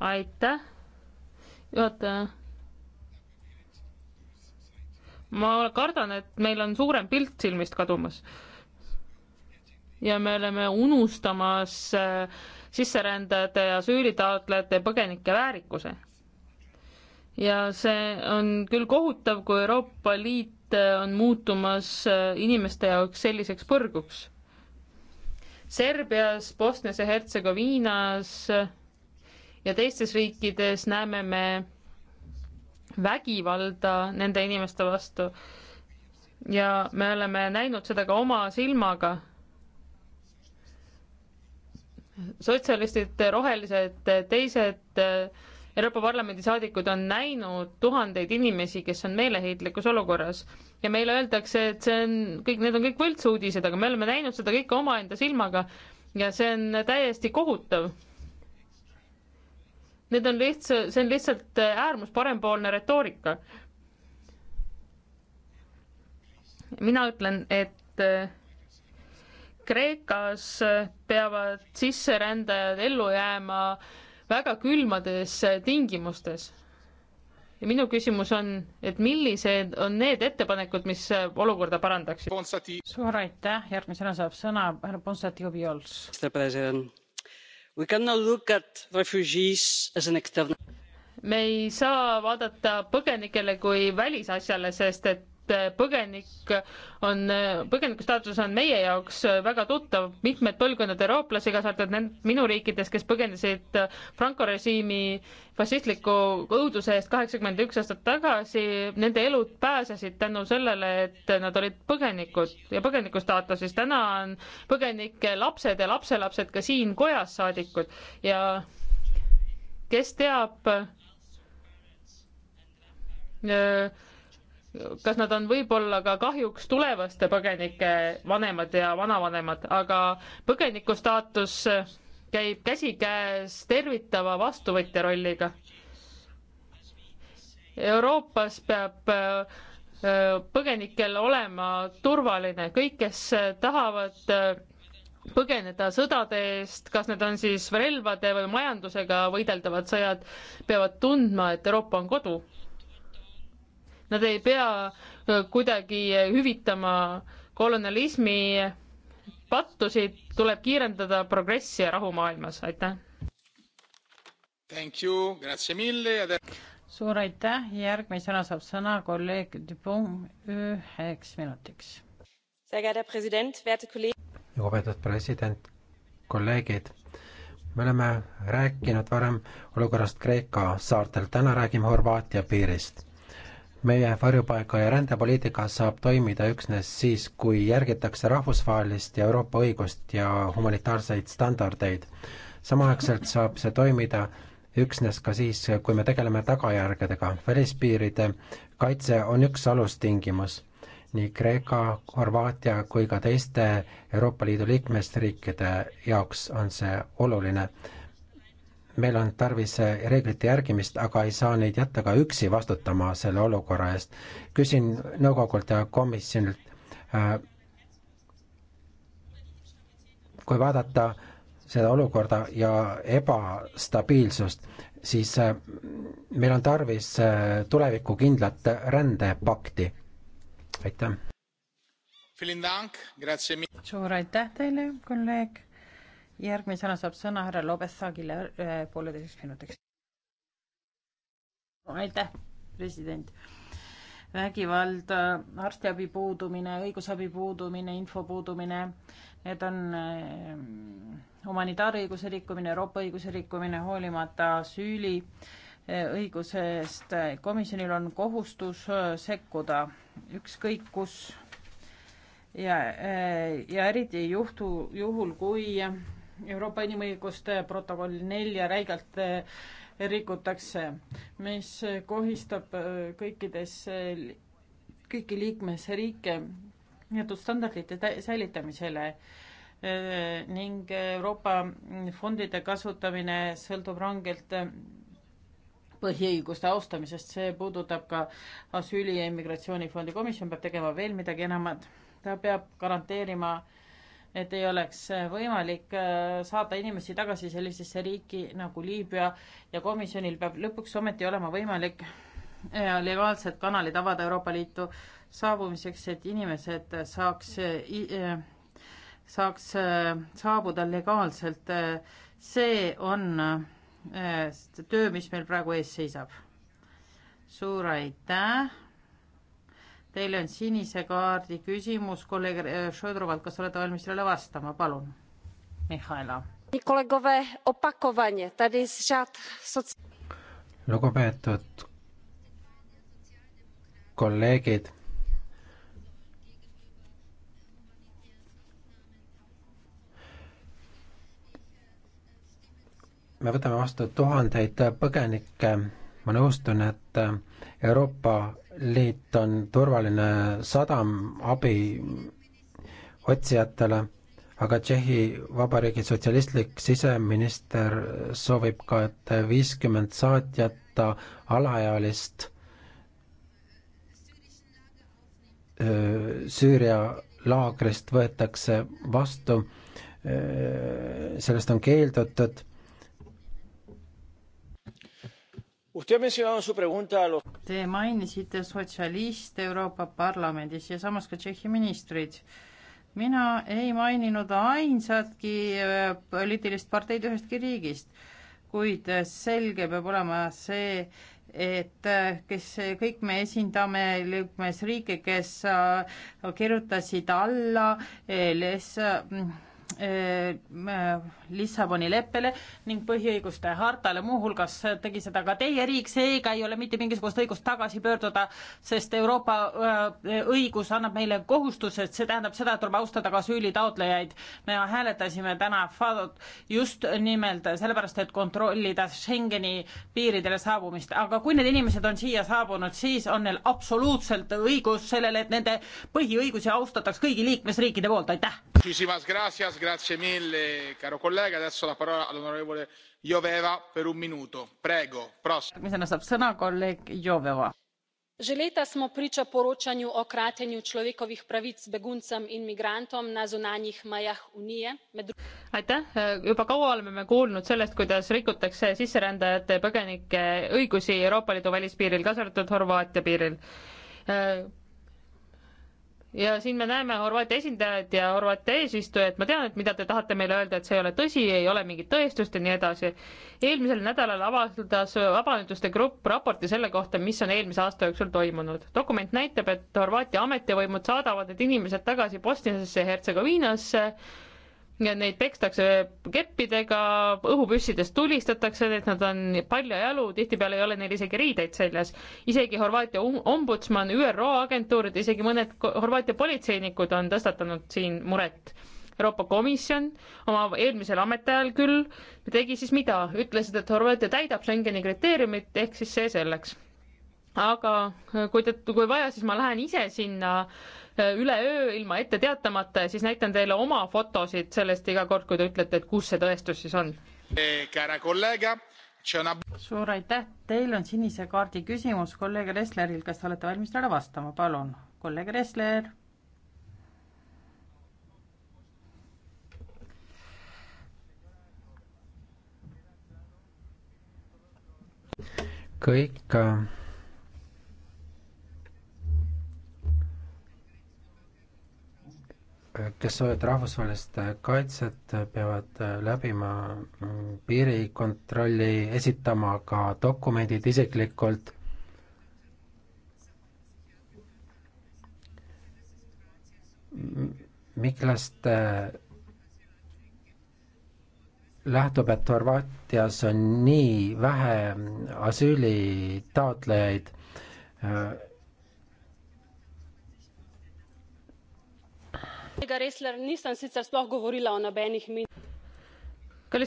aitäh, juhataja. ma kardan, et meil on suurem pilt silmist kadumas. ja me oleme unustamas äh, sisserändajate ja süülitaotlejate põgenike väärikuse ja see on küll kohutav, kui Euroopa Liit Äh, on muutumas äh, inimeste jaoks selliseks põrguks. Serbias, Bosnias ja Hertsegoviinas äh, ja teistes riikides näeme me vägivalda nende inimeste vastu. ja me oleme näinud seda ka oma silmaga. sotsialistid, rohelised, teised Euroopa Parlamendi saadikud on näinud tuhandeid inimesi, kes on meeleheitlikus olukorras ja meile öeldakse, et see on kõik, need on kõik võltsuudised, aga me oleme näinud seda kõike omaenda silmaga ja see on täiesti kohutav. Need on lihtsalt, see on lihtsalt äärmus parempoolne retoorika. mina ütlen, et Kreekas peavad sisserändajad ellu jääma äh, väga külmades äh, tingimustes. ja minu küsimus on, et millised on need ettepanekud, mis äh, olukorda parandaksid? suur aitäh, järgmisena saab sõna härra Konstantin Obiols. We cannot look at refugees as an external me ei saa vaadata põgenikele kui välisasjale, sest et Äh, põgenik on, äh, põgeniku staatus on meie jaoks äh, väga tuttav, mitmed põlvkonnad eurooplasi, kaasa arvatud minu riikides, kes põgenesid Franco režiimi fašistliku õuduse eest kaheksakümmend üks aastat tagasi, nende elud pääsesid tänu sellele, et nad olid põgenikud ja põgeniku staatuses. täna on põgenike lapsed ja lapselapsed ka siin kojas saadikud ja kes teab öö, kas nad on võib-olla ka kahjuks tulevaste põgenike vanemad ja vanavanemad, aga põgeniku staatus käib käsikäes tervitava vastuvõtja rolliga. Euroopas peab äh, põgenikel olema turvaline, kõik, kes tahavad äh, põgeneda sõdade eest, kas need on siis relvade või majandusega võideldavad sõjad, peavad tundma, et Euroopa on kodu Nad ei pea kuidagi hüvitama kolonialismi pattusid, tuleb kiirendada progressi ja rahu maailmas, aitäh! suur aitäh, järgmisena saab sõna kolleeg Dupont üheks minutiks. lugupeetud president, kolleegid, me oleme rääkinud varem olukorrast Kreeka saartel, täna räägime Horvaatia piirist meie varjupaiga- ja rändepoliitika saab toimida üksnes siis, kui järgitakse rahvusvahelist ja Euroopa õigust ja humanitaarseid standardeid. samaaegselt saab see toimida üksnes ka siis, kui me tegeleme tagajärgedega. välispiiride kaitse on üks alustingimus nii Kreeka, Horvaatia kui ka teiste Euroopa Liidu liikmesriikide jaoks on see oluline meil on tarvis reeglite järgimist, aga ei saa neid jätta ka üksi vastutama selle olukorra eest. küsin nõukogult ja komisjonilt, äh, kui vaadata seda olukorda ja ebastabiilsust, siis äh, meil on tarvis äh, tulevikukindlat rändepakti. aitäh! suur aitäh teile, kolleeg! järgmisena saab sõna härra Lobessagile äh, pooleteiseks minutiks. aitäh, president. vägivald, arstiabi puudumine, õigusabi puudumine, info puudumine, need on äh, humanitaarõiguse rikkumine, Euroopa õiguse rikkumine, hoolimata süüli äh, õigusest. komisjonil on kohustus sekkuda ükskõik kus ja, ja eriti juhtu, juhul kui Euroopa inimõiguste protokoll nelja räigelt eh, rikutakse, mis kohistab eh, kõikides, eh, kõiki liikmesriike teatud standardite säilitamisele ning Euroopa fondide kasutamine sõltub rangelt põhiõiguste austamisest, see puudutab ka asüüli- ja immigratsioonifondi. komisjon peab tegema veel midagi enamat, ta peab garanteerima äh, et ei oleks äh, võimalik äh, saada inimesi tagasi sellisesse riiki nagu Liibüa ja komisjonil peab lõpuks ometi olema võimalik äh, legaalsed kanalid avada Euroopa Liitu saabumiseks, et inimesed saaks, saaks saabuda legaalselt. see on töö, mis meil praegu ees seisab. suur aitäh Teile on sinise kaardi küsimus kolleeg Šodorovalt, kas olete valmis sellele vastama, palun? Mihhaila. lugupeetud kolleegid. me võtame vastu tuhandeid põgenikke. ma nõustun, et Euroopa liit on turvaline sadam abi otsijatele, aga Tšehhi Vabariigi sotsialistlik siseminister soovib ka, et viiskümmend saatjata alaealist Süüria laagrist võetakse vastu, sellest on keeldutud Te mainisite sotsialiste Euroopa Parlamendis ja samas ka Tšehhi ministreid. mina ei maininud ainsatki äh, poliitilist parteid ühestki riigist, kuid äh, selge peab olema see, et äh, kes, kõik me esindame liikmesriike, kes kirjutasid alla les- Äh, Lissaboni leppele ning põhiõiguste hartale, muuhulgas tegi seda ka teie riik, seega ei ole mitte mingisugust õigust tagasi pöörduda, sest Euroopa äh, õigus annab meile kohustused, see tähendab seda, et tuleb austada ka süülitaotlejaid. me hääletasime täna FADO-t just nimelt sellepärast, et kontrollida Schengeni piiridele saabumist, aga kui need inimesed on siia saabunud, siis on neil absoluutselt õigus sellele, et nende põhiõigusi austataks kõigi liikmesriikide poolt, aitäh! grazie mille caro collega adesso la parola all'onorevole joveva per un minuto prego že leta smo priča poročanju o kratenju človekovih pravic beguncem in migrantom na zunanjih mejah unije med. aitäh juba kaua oleme me kuulnud sellest kuidas rikutakse sisserändajate ja põgenike õigusi euroopa liidu välispiiril kaasa arvatud horvaatia piiril ja siin me näeme Horvaatia esindajat ja Horvaatia eesistujat, ma tean, et mida te tahate meile öelda, et see ei ole tõsi, ei ole mingit tõestust ja nii edasi. eelmisel nädalal avaldas vabaühenduste grupp raporti selle kohta, mis on eelmise aasta jooksul toimunud. dokument näitab, et Horvaatia ametivõimud saadavad need inimesed tagasi Bosniasse ja Hertsegoviinasse Neid pekstakse keppidega, õhupüssidest tulistatakse, et nad on paljajalu, tihtipeale ei ole neil isegi riideid seljas. isegi Horvaatia um-, ombudsman, ÜRO agentuurid, isegi mõned Horvaatia politseinikud on tõstatanud siin muret Euroopa Komisjon oma eelmisel ametiajal küll tegi siis mida, ütlesid, et Horvaatia täidab Schengeni kriteeriumit, ehk siis see selleks. aga kui te, kui vaja, siis ma lähen ise sinna üleöö ilma ette teatamata ja siis näitan teile oma fotosid sellest iga kord, kui te ütlete, et kus see tõestus siis on. Eh, suur aitäh, teil on sinise kaardi küsimus kolleeg Ressleril, kas te olete valmis talle vastama, palun, kolleeg Ressler. kõik äh, kes soovivad rahvusvahelist kaitset, peavad läbima piirikontrolli, esitama ka dokumendid isiklikult. Miklast äh, lähtub, et Horvaatias on nii vähe asüülitaotlejaid äh, kallis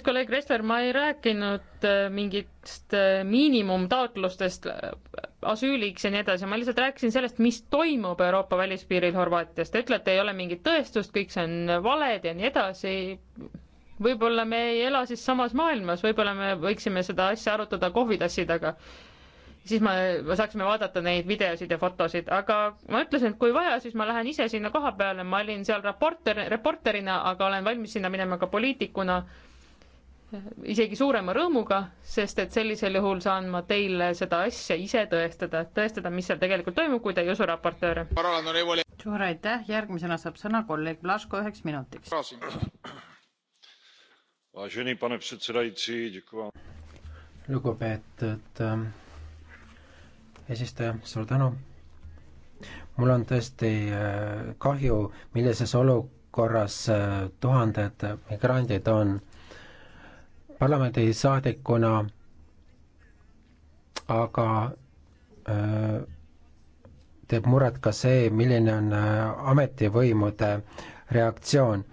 kolleeg Ressler, ma ei rääkinud äh, mingitest äh, miinimumtaotlustest äh, asüüliks ja nii edasi, ma lihtsalt rääkisin sellest, mis toimub Euroopa välispiiril Horvaatias. Te ütlete, ei ole mingit tõestust, kõik see on valed ja nii edasi. võib-olla me ei ela siis samas maailmas, võib-olla me võiksime seda asja arutada kohvitassi taga siis ma, me saaksime vaadata neid videosid ja fotosid, aga ma ütlesin, et kui vaja, siis ma lähen ise sinna koha peale, ma olin seal reporter, reporterina, aga olen valmis sinna minema ka poliitikuna, isegi suurema rõõmuga, sest et sellisel juhul saan ma teile seda asja ise tõestada, tõestada, mis seal tegelikult toimub, kui te ei usu raportööre. suur aitäh, järgmisena saab sõna kolleeg Blaško üheks minutiks. lugupeetud ähm, eesistuja, suur tänu. mul on tõesti äh, kahju, millises olukorras äh, tuhanded migrandid on. parlamendisaadikuna aga äh, teeb muret ka see, milline on ametivõimude reaktsioon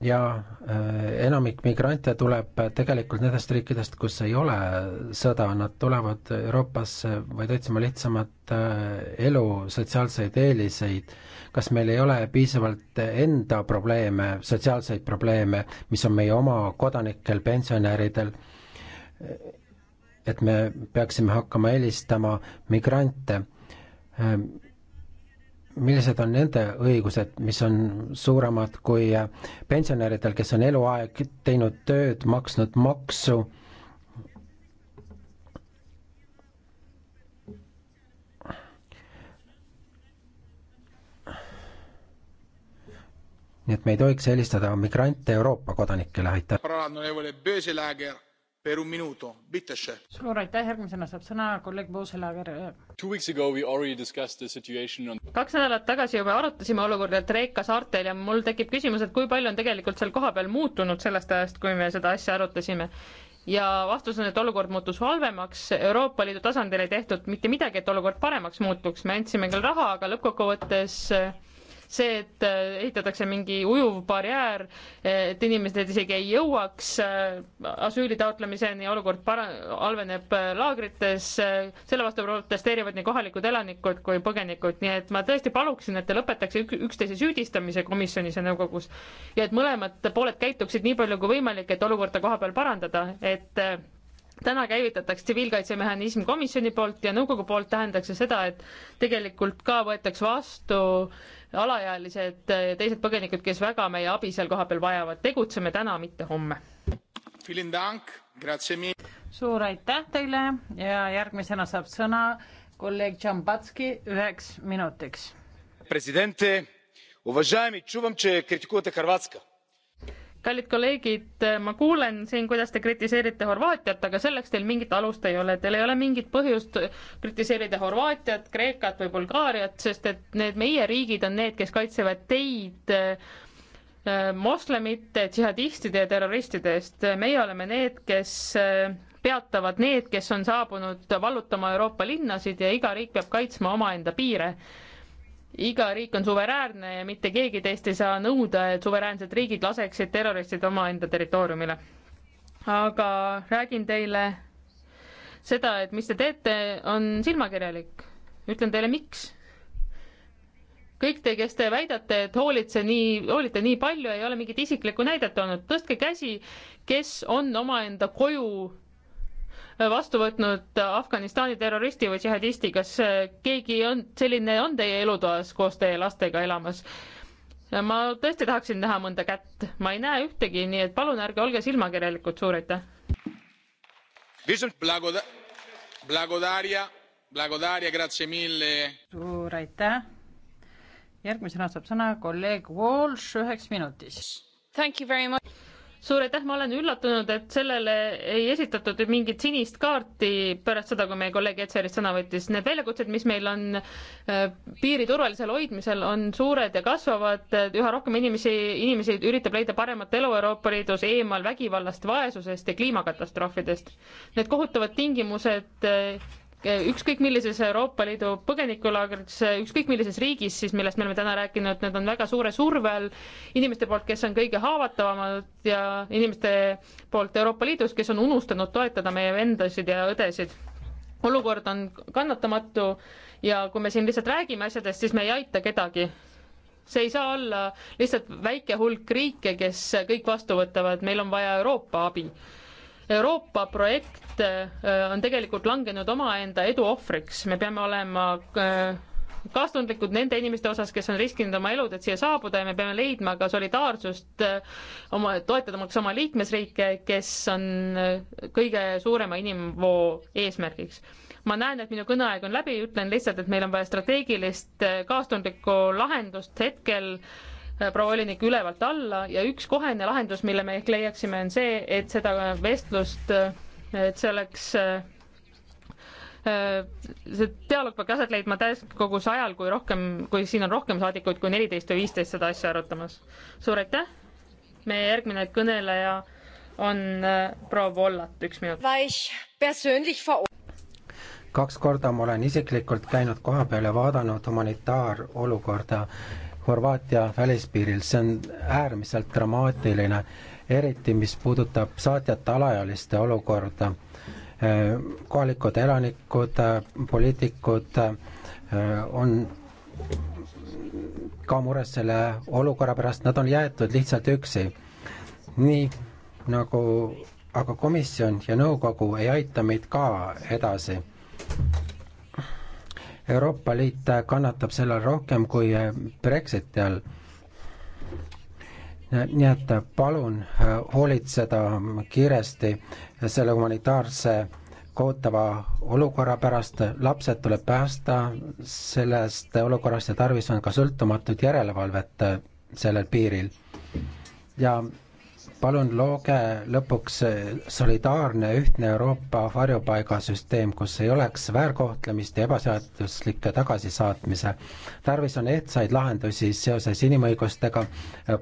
ja äh, enamik migrante tuleb tegelikult nendest riikidest, kus ei ole sõda, nad tulevad Euroopasse vaid otsima lihtsamat äh, elu, sotsiaalseid eeliseid. kas meil ei ole piisavalt enda probleeme, sotsiaalseid probleeme, mis on meie oma kodanikel, pensionäridel? et me peaksime hakkama eelistama migrante äh, millised on nende õigused, mis on suuremad kui pensionäridel, kes on eluaeg teinud tööd, maksnud maksu. nii et me ei tohiks eelistada migrante Euroopa kodanikele, aitäh suur aitäh, järgmisena saab sõna kolleeg Vooselager. kaks nädalat tagasi juba arutasime olukorda Kreeka saartel ja mul tekib küsimus, et kui palju on tegelikult seal kohapeal muutunud sellest ajast, kui me seda asja arutasime ja vastus on, et olukord muutus halvemaks, Euroopa Liidu tasandil ei tehtud mitte midagi, et olukord paremaks muutuks, me andsime küll raha, aga lõppkokkuvõttes äh, see, et äh, ehitatakse mingi ujuv barjäär, et inimesed isegi ei jõuaks äh, asüüli taotlemiseni, olukord para-, halveneb äh, laagrites, selle vastu protesteerivad nii kohalikud elanikud kui põgenikud, nii et ma tõesti paluksin, et te lõpetaks ük-, üksteise süüdistamise komisjonis ja nõukogus ja et mõlemad pooled käituksid nii palju kui võimalik, et olukorda koha peal parandada, et täna käivitatakse tsiviilkaitsemehhanism komisjoni poolt ja nõukogu poolt tähendaks see seda, et tegelikult ka võetakse vastu alaealised ja teised põgenikud, kes väga meie abi seal kohapeal vajavad. tegutseme täna, mitte homme. suur aitäh teile ja järgmisena saab sõna kolleeg Džambatski üheks minutiks. president, уважаеми, чувам, че критикувате Хрватска kallid kolleegid, ma kuulen siin, kuidas te kritiseerite Horvaatiat, aga selleks teil mingit alust ei ole, teil ei ole mingit põhjust kritiseerida Horvaatiat, Kreekat või Bulgaariat, sest et need meie riigid on need, kes kaitsevad teid äh, moslemite, džihadistide ja terroristide eest. meie oleme need, kes äh, peatavad need, kes on saabunud vallutama Euroopa linnasid ja iga riik peab kaitsma omaenda piire iga riik on suveräärne ja mitte keegi teist ei saa nõuda, et suveräänsed riigid laseksid terroristid omaenda territooriumile. aga räägin teile seda, et mis te teete, on silmakirjalik. ütlen teile, miks. kõik te, kes te väidate, et hoolitse nii, hoolite nii palju, ei ole mingit isiklikku näidet olnud, tõstke käsi, kes on omaenda koju vastu võtnud Afganistani terroristi või džihadisti, kas äh, keegi on, selline on teie elutoas koos teie lastega elamas? ma tõesti tahaksin näha mõnda kätt, ma ei näe ühtegi, nii et palun ärge olge silmakirjalikud, suur aitäh. suur aitäh. järgmisena saab sõna kolleeg Walsh üheks minutiks suur aitäh, ma olen üllatunud, et sellele ei esitatud mingit sinist kaarti pärast seda, kui meie kolleeg Etserist sõna võttis. Need väljakutsed, mis meil on äh, piiri turvalisel hoidmisel, on suured ja kasvavad. üha rohkem inimesi, inimesi üritab leida paremat elu Euroopa Liidus eemal vägivallast, vaesusest ja kliimakatastroofidest. Need kohutavad tingimused äh, ükskõik millises Euroopa Liidu põgenikulaagris, ükskõik millises riigis siis, millest me oleme täna rääkinud, need on väga suure surve all inimeste poolt, kes on kõige haavatavamad ja inimeste poolt Euroopa Liidus, kes on unustanud toetada meie vendasid ja õdesid. olukord on kannatamatu ja kui me siin lihtsalt räägime asjadest, siis me ei aita kedagi see ei saa olla lihtsalt väike hulk riike, kes kõik vastu võtavad, meil on vaja Euroopa abi Euroopa projekt äh, on tegelikult langenud omaenda edu ohvriks, me peame olema äh, kaastundlikud nende inimeste osas, kes on riskinud oma elud, et siia saabuda ja me peame leidma ka solidaarsust äh, oma, toetamaks oma liikmesriike, kes on kõige suurema inimvoo eesmärgiks. ma näen, et minu kõneaeg on läbi, ütlen lihtsalt, et meil on vaja strateegilist kaastundlikku lahendust hetkel äh, Äh, proua volinik ülevalt alla ja üks kohene lahendus, mille me ehk leiaksime, on see, et seda vestlust, äh, et see oleks äh, see dialoog peab aset leidma täiskogus ajal, kui rohkem, kui siin on rohkem saadikuid kui neliteist või viisteist seda asja arutamas. suur aitäh, meie järgmine kõneleja on proua Vollat, üks minut. kaks korda ma olen isiklikult käinud kohapeal ja vaadanud humanitaarolukorda Horvaatia välispiiril, see on äärmiselt dramaatiline, eriti mis puudutab saatjate alaealiste olukorda. Äh, kohalikud elanikud, äh, poliitikud äh, on ka mures selle olukorra pärast, nad on jäetud lihtsalt üksi. nii nagu aga komisjon ja nõukogu ei aita meid ka edasi Euroopa Liit kannatab sellel rohkem kui Brexiti all. nii et palun äh, hoolitseda kiiresti selle humanitaarse kohutava olukorra pärast, lapsed tuleb päästa sellest olukorrast ja tarvis on ka sõltumatut järelevalvet äh, sellel piiril. ja palun looge lõpuks solidaarne ühtne Euroopa varjupaigasüsteem, kus ei oleks väärkohtlemist ja ebaseaduslikke tagasisaatmise. tarvis on ehtsaid lahendusi seoses inimõigustega,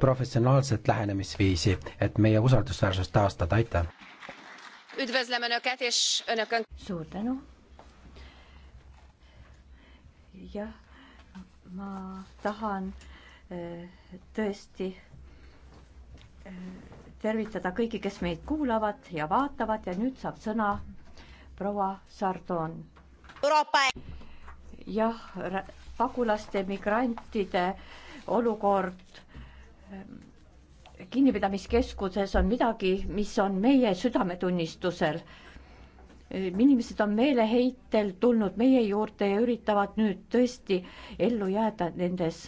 professionaalset lähenemisviisi, et meie usaldusväärsust taastada, aitäh! suur tänu! jah, ma tahan eh, tõesti eh, tervitada kõiki, kes meid kuulavad ja vaatavad ja nüüd saab sõna proua Sardon. jah, pagulaste, migrantide olukord kinnipidamiskeskuses on midagi, mis on meie südametunnistusel. inimesed on meeleheitel tulnud meie juurde ja üritavad nüüd tõesti ellu jääda nendes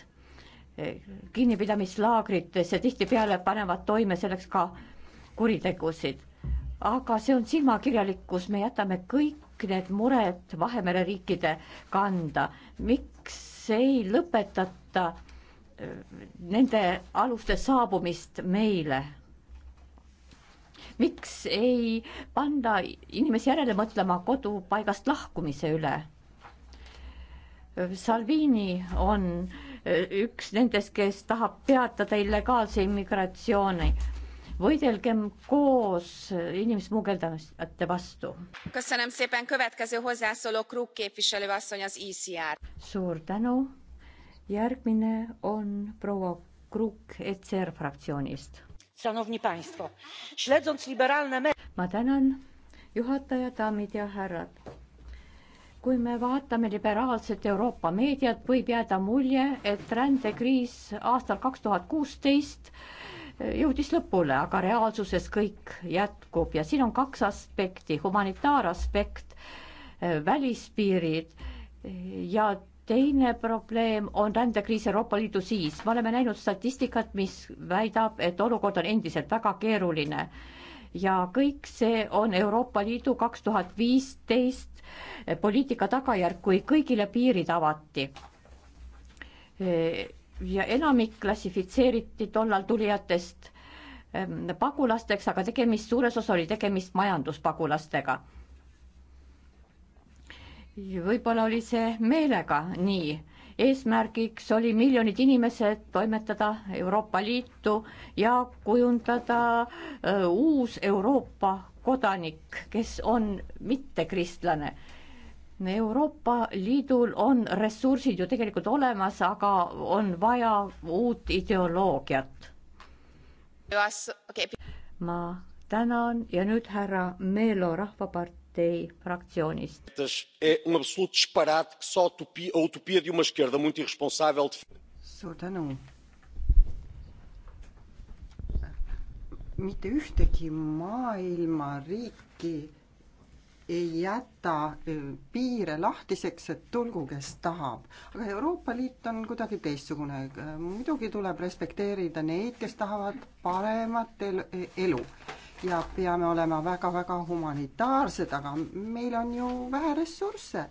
kinnipidamislaagrites ja tihtipeale panevad toime selleks ka kuritegusid. aga see on silmakirjalikkus, me jätame kõik need mured Vahemere riikide kanda. miks ei lõpetata äh, nende aluste saabumist meile? miks ei panda inimesi järele mõtlema kodupaigast lahkumise üle? Äh, Salvini on äh, üks nendest, kes tahab peatada illegaalse immigratsiooni. võidelgem koos inimsmugeldamiste vastu. E suur tänu. järgmine on proua Krukk ECR fraktsioonist. ma tänan, juhataja, daamid ja härrad kui me vaatame liberaalset Euroopa meediat, võib jääda mulje, et rändekriis aastal kaks tuhat kuusteist jõudis lõpule, aga reaalsuses kõik jätkub ja siin on kaks aspekti, humanitaaraspekt, välispiirid ja teine probleem on rändekriis Euroopa Liidu siis. me oleme näinud statistikat, mis väidab, et olukord on endiselt väga keeruline ja kõik see on Euroopa Liidu kaks tuhat viisteist poliitika tagajärg, kui kõigile piirid avati. ja enamik klassifitseeriti tollal tulijatest ehm, pagulasteks, aga tegemist, suures osas oli tegemist majanduspagulastega. võib-olla oli see meelega nii eesmärgiks oli miljonid inimesed toimetada Euroopa Liitu ja kujundada uus Euroopa kodanik, kes on mittekristlane. Euroopa Liidul on ressursid ju tegelikult olemas, aga on vaja uut ideoloogiat. ma tänan ja nüüd härra Meelo Rahvapart-. Rahvapartei fraktsioonist. suur tänu. mitte ühtegi maailma riiki ei jäta eh, piire lahtiseks, et tulgu, kes tahab. aga Euroopa Liit on kuidagi teistsugune. muidugi tuleb respekteerida neid, kes tahavad paremat elu ja peame olema väga-väga humanitaarsed, aga meil on ju vähe ressursse.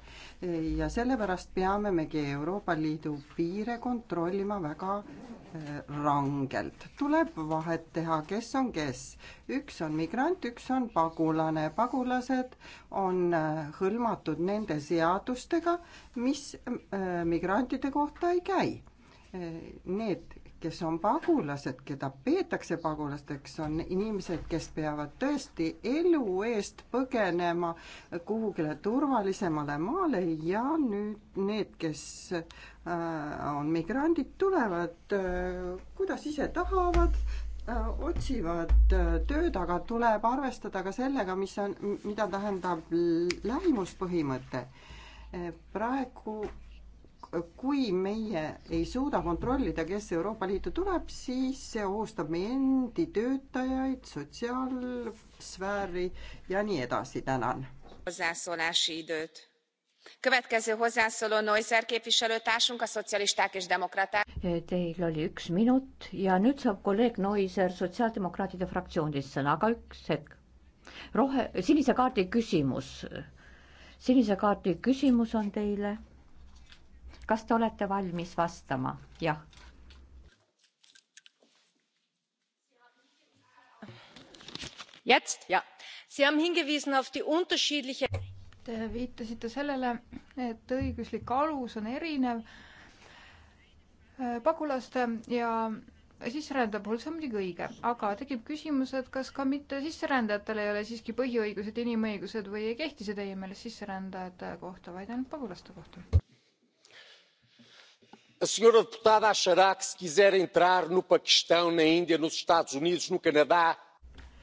ja sellepärast peamegi Euroopa Liidu piire kontrollima väga eh, rangelt. tuleb vahet teha, kes on kes. üks on migrant, üks on pagulane. pagulased on eh, hõlmatud nende seadustega, mis eh, migrantide kohta ei käi. Need, kes on pagulased, keda peetakse pagulasteks, on inimesed, kes peavad tõesti elu eest põgenema kuhugile turvalisemale maale ja nüüd need, kes äh, on migrandid, tulevad äh, kuidas ise tahavad, äh, otsivad tööd, aga tuleb arvestada ka sellega, mis on, mida tähendab lähimuspõhimõte. praegu kui meie ei suuda kontrollida, kes Euroopa Liitu tuleb, siis see ohustab meie endi töötajaid, sotsiaalsfääri ja nii edasi. tänan. Teil oli üks minut ja nüüd saab kolleeg Noiser Sotsiaaldemokraatide fraktsioonist sõna, aga üks hetk. rohe, sinise kaardi küsimus. sinise kaardi küsimus on teile kas te olete valmis vastama? jah. Te viitasite sellele, et õiguslik alus on erinev äh, pagulaste ja sisserändaja puhul, see on muidugi õige, aga tekib küsimus, et kas ka mitte sisserändajatel ei ole siiski põhiõigused, inimõigused või ei kehti see teie meelest sisserändajate kohta, vaid ainult pagulaste kohta? a senhora deputada achará que se quiser entrar no paquistão na índia nos estados unidos no canadá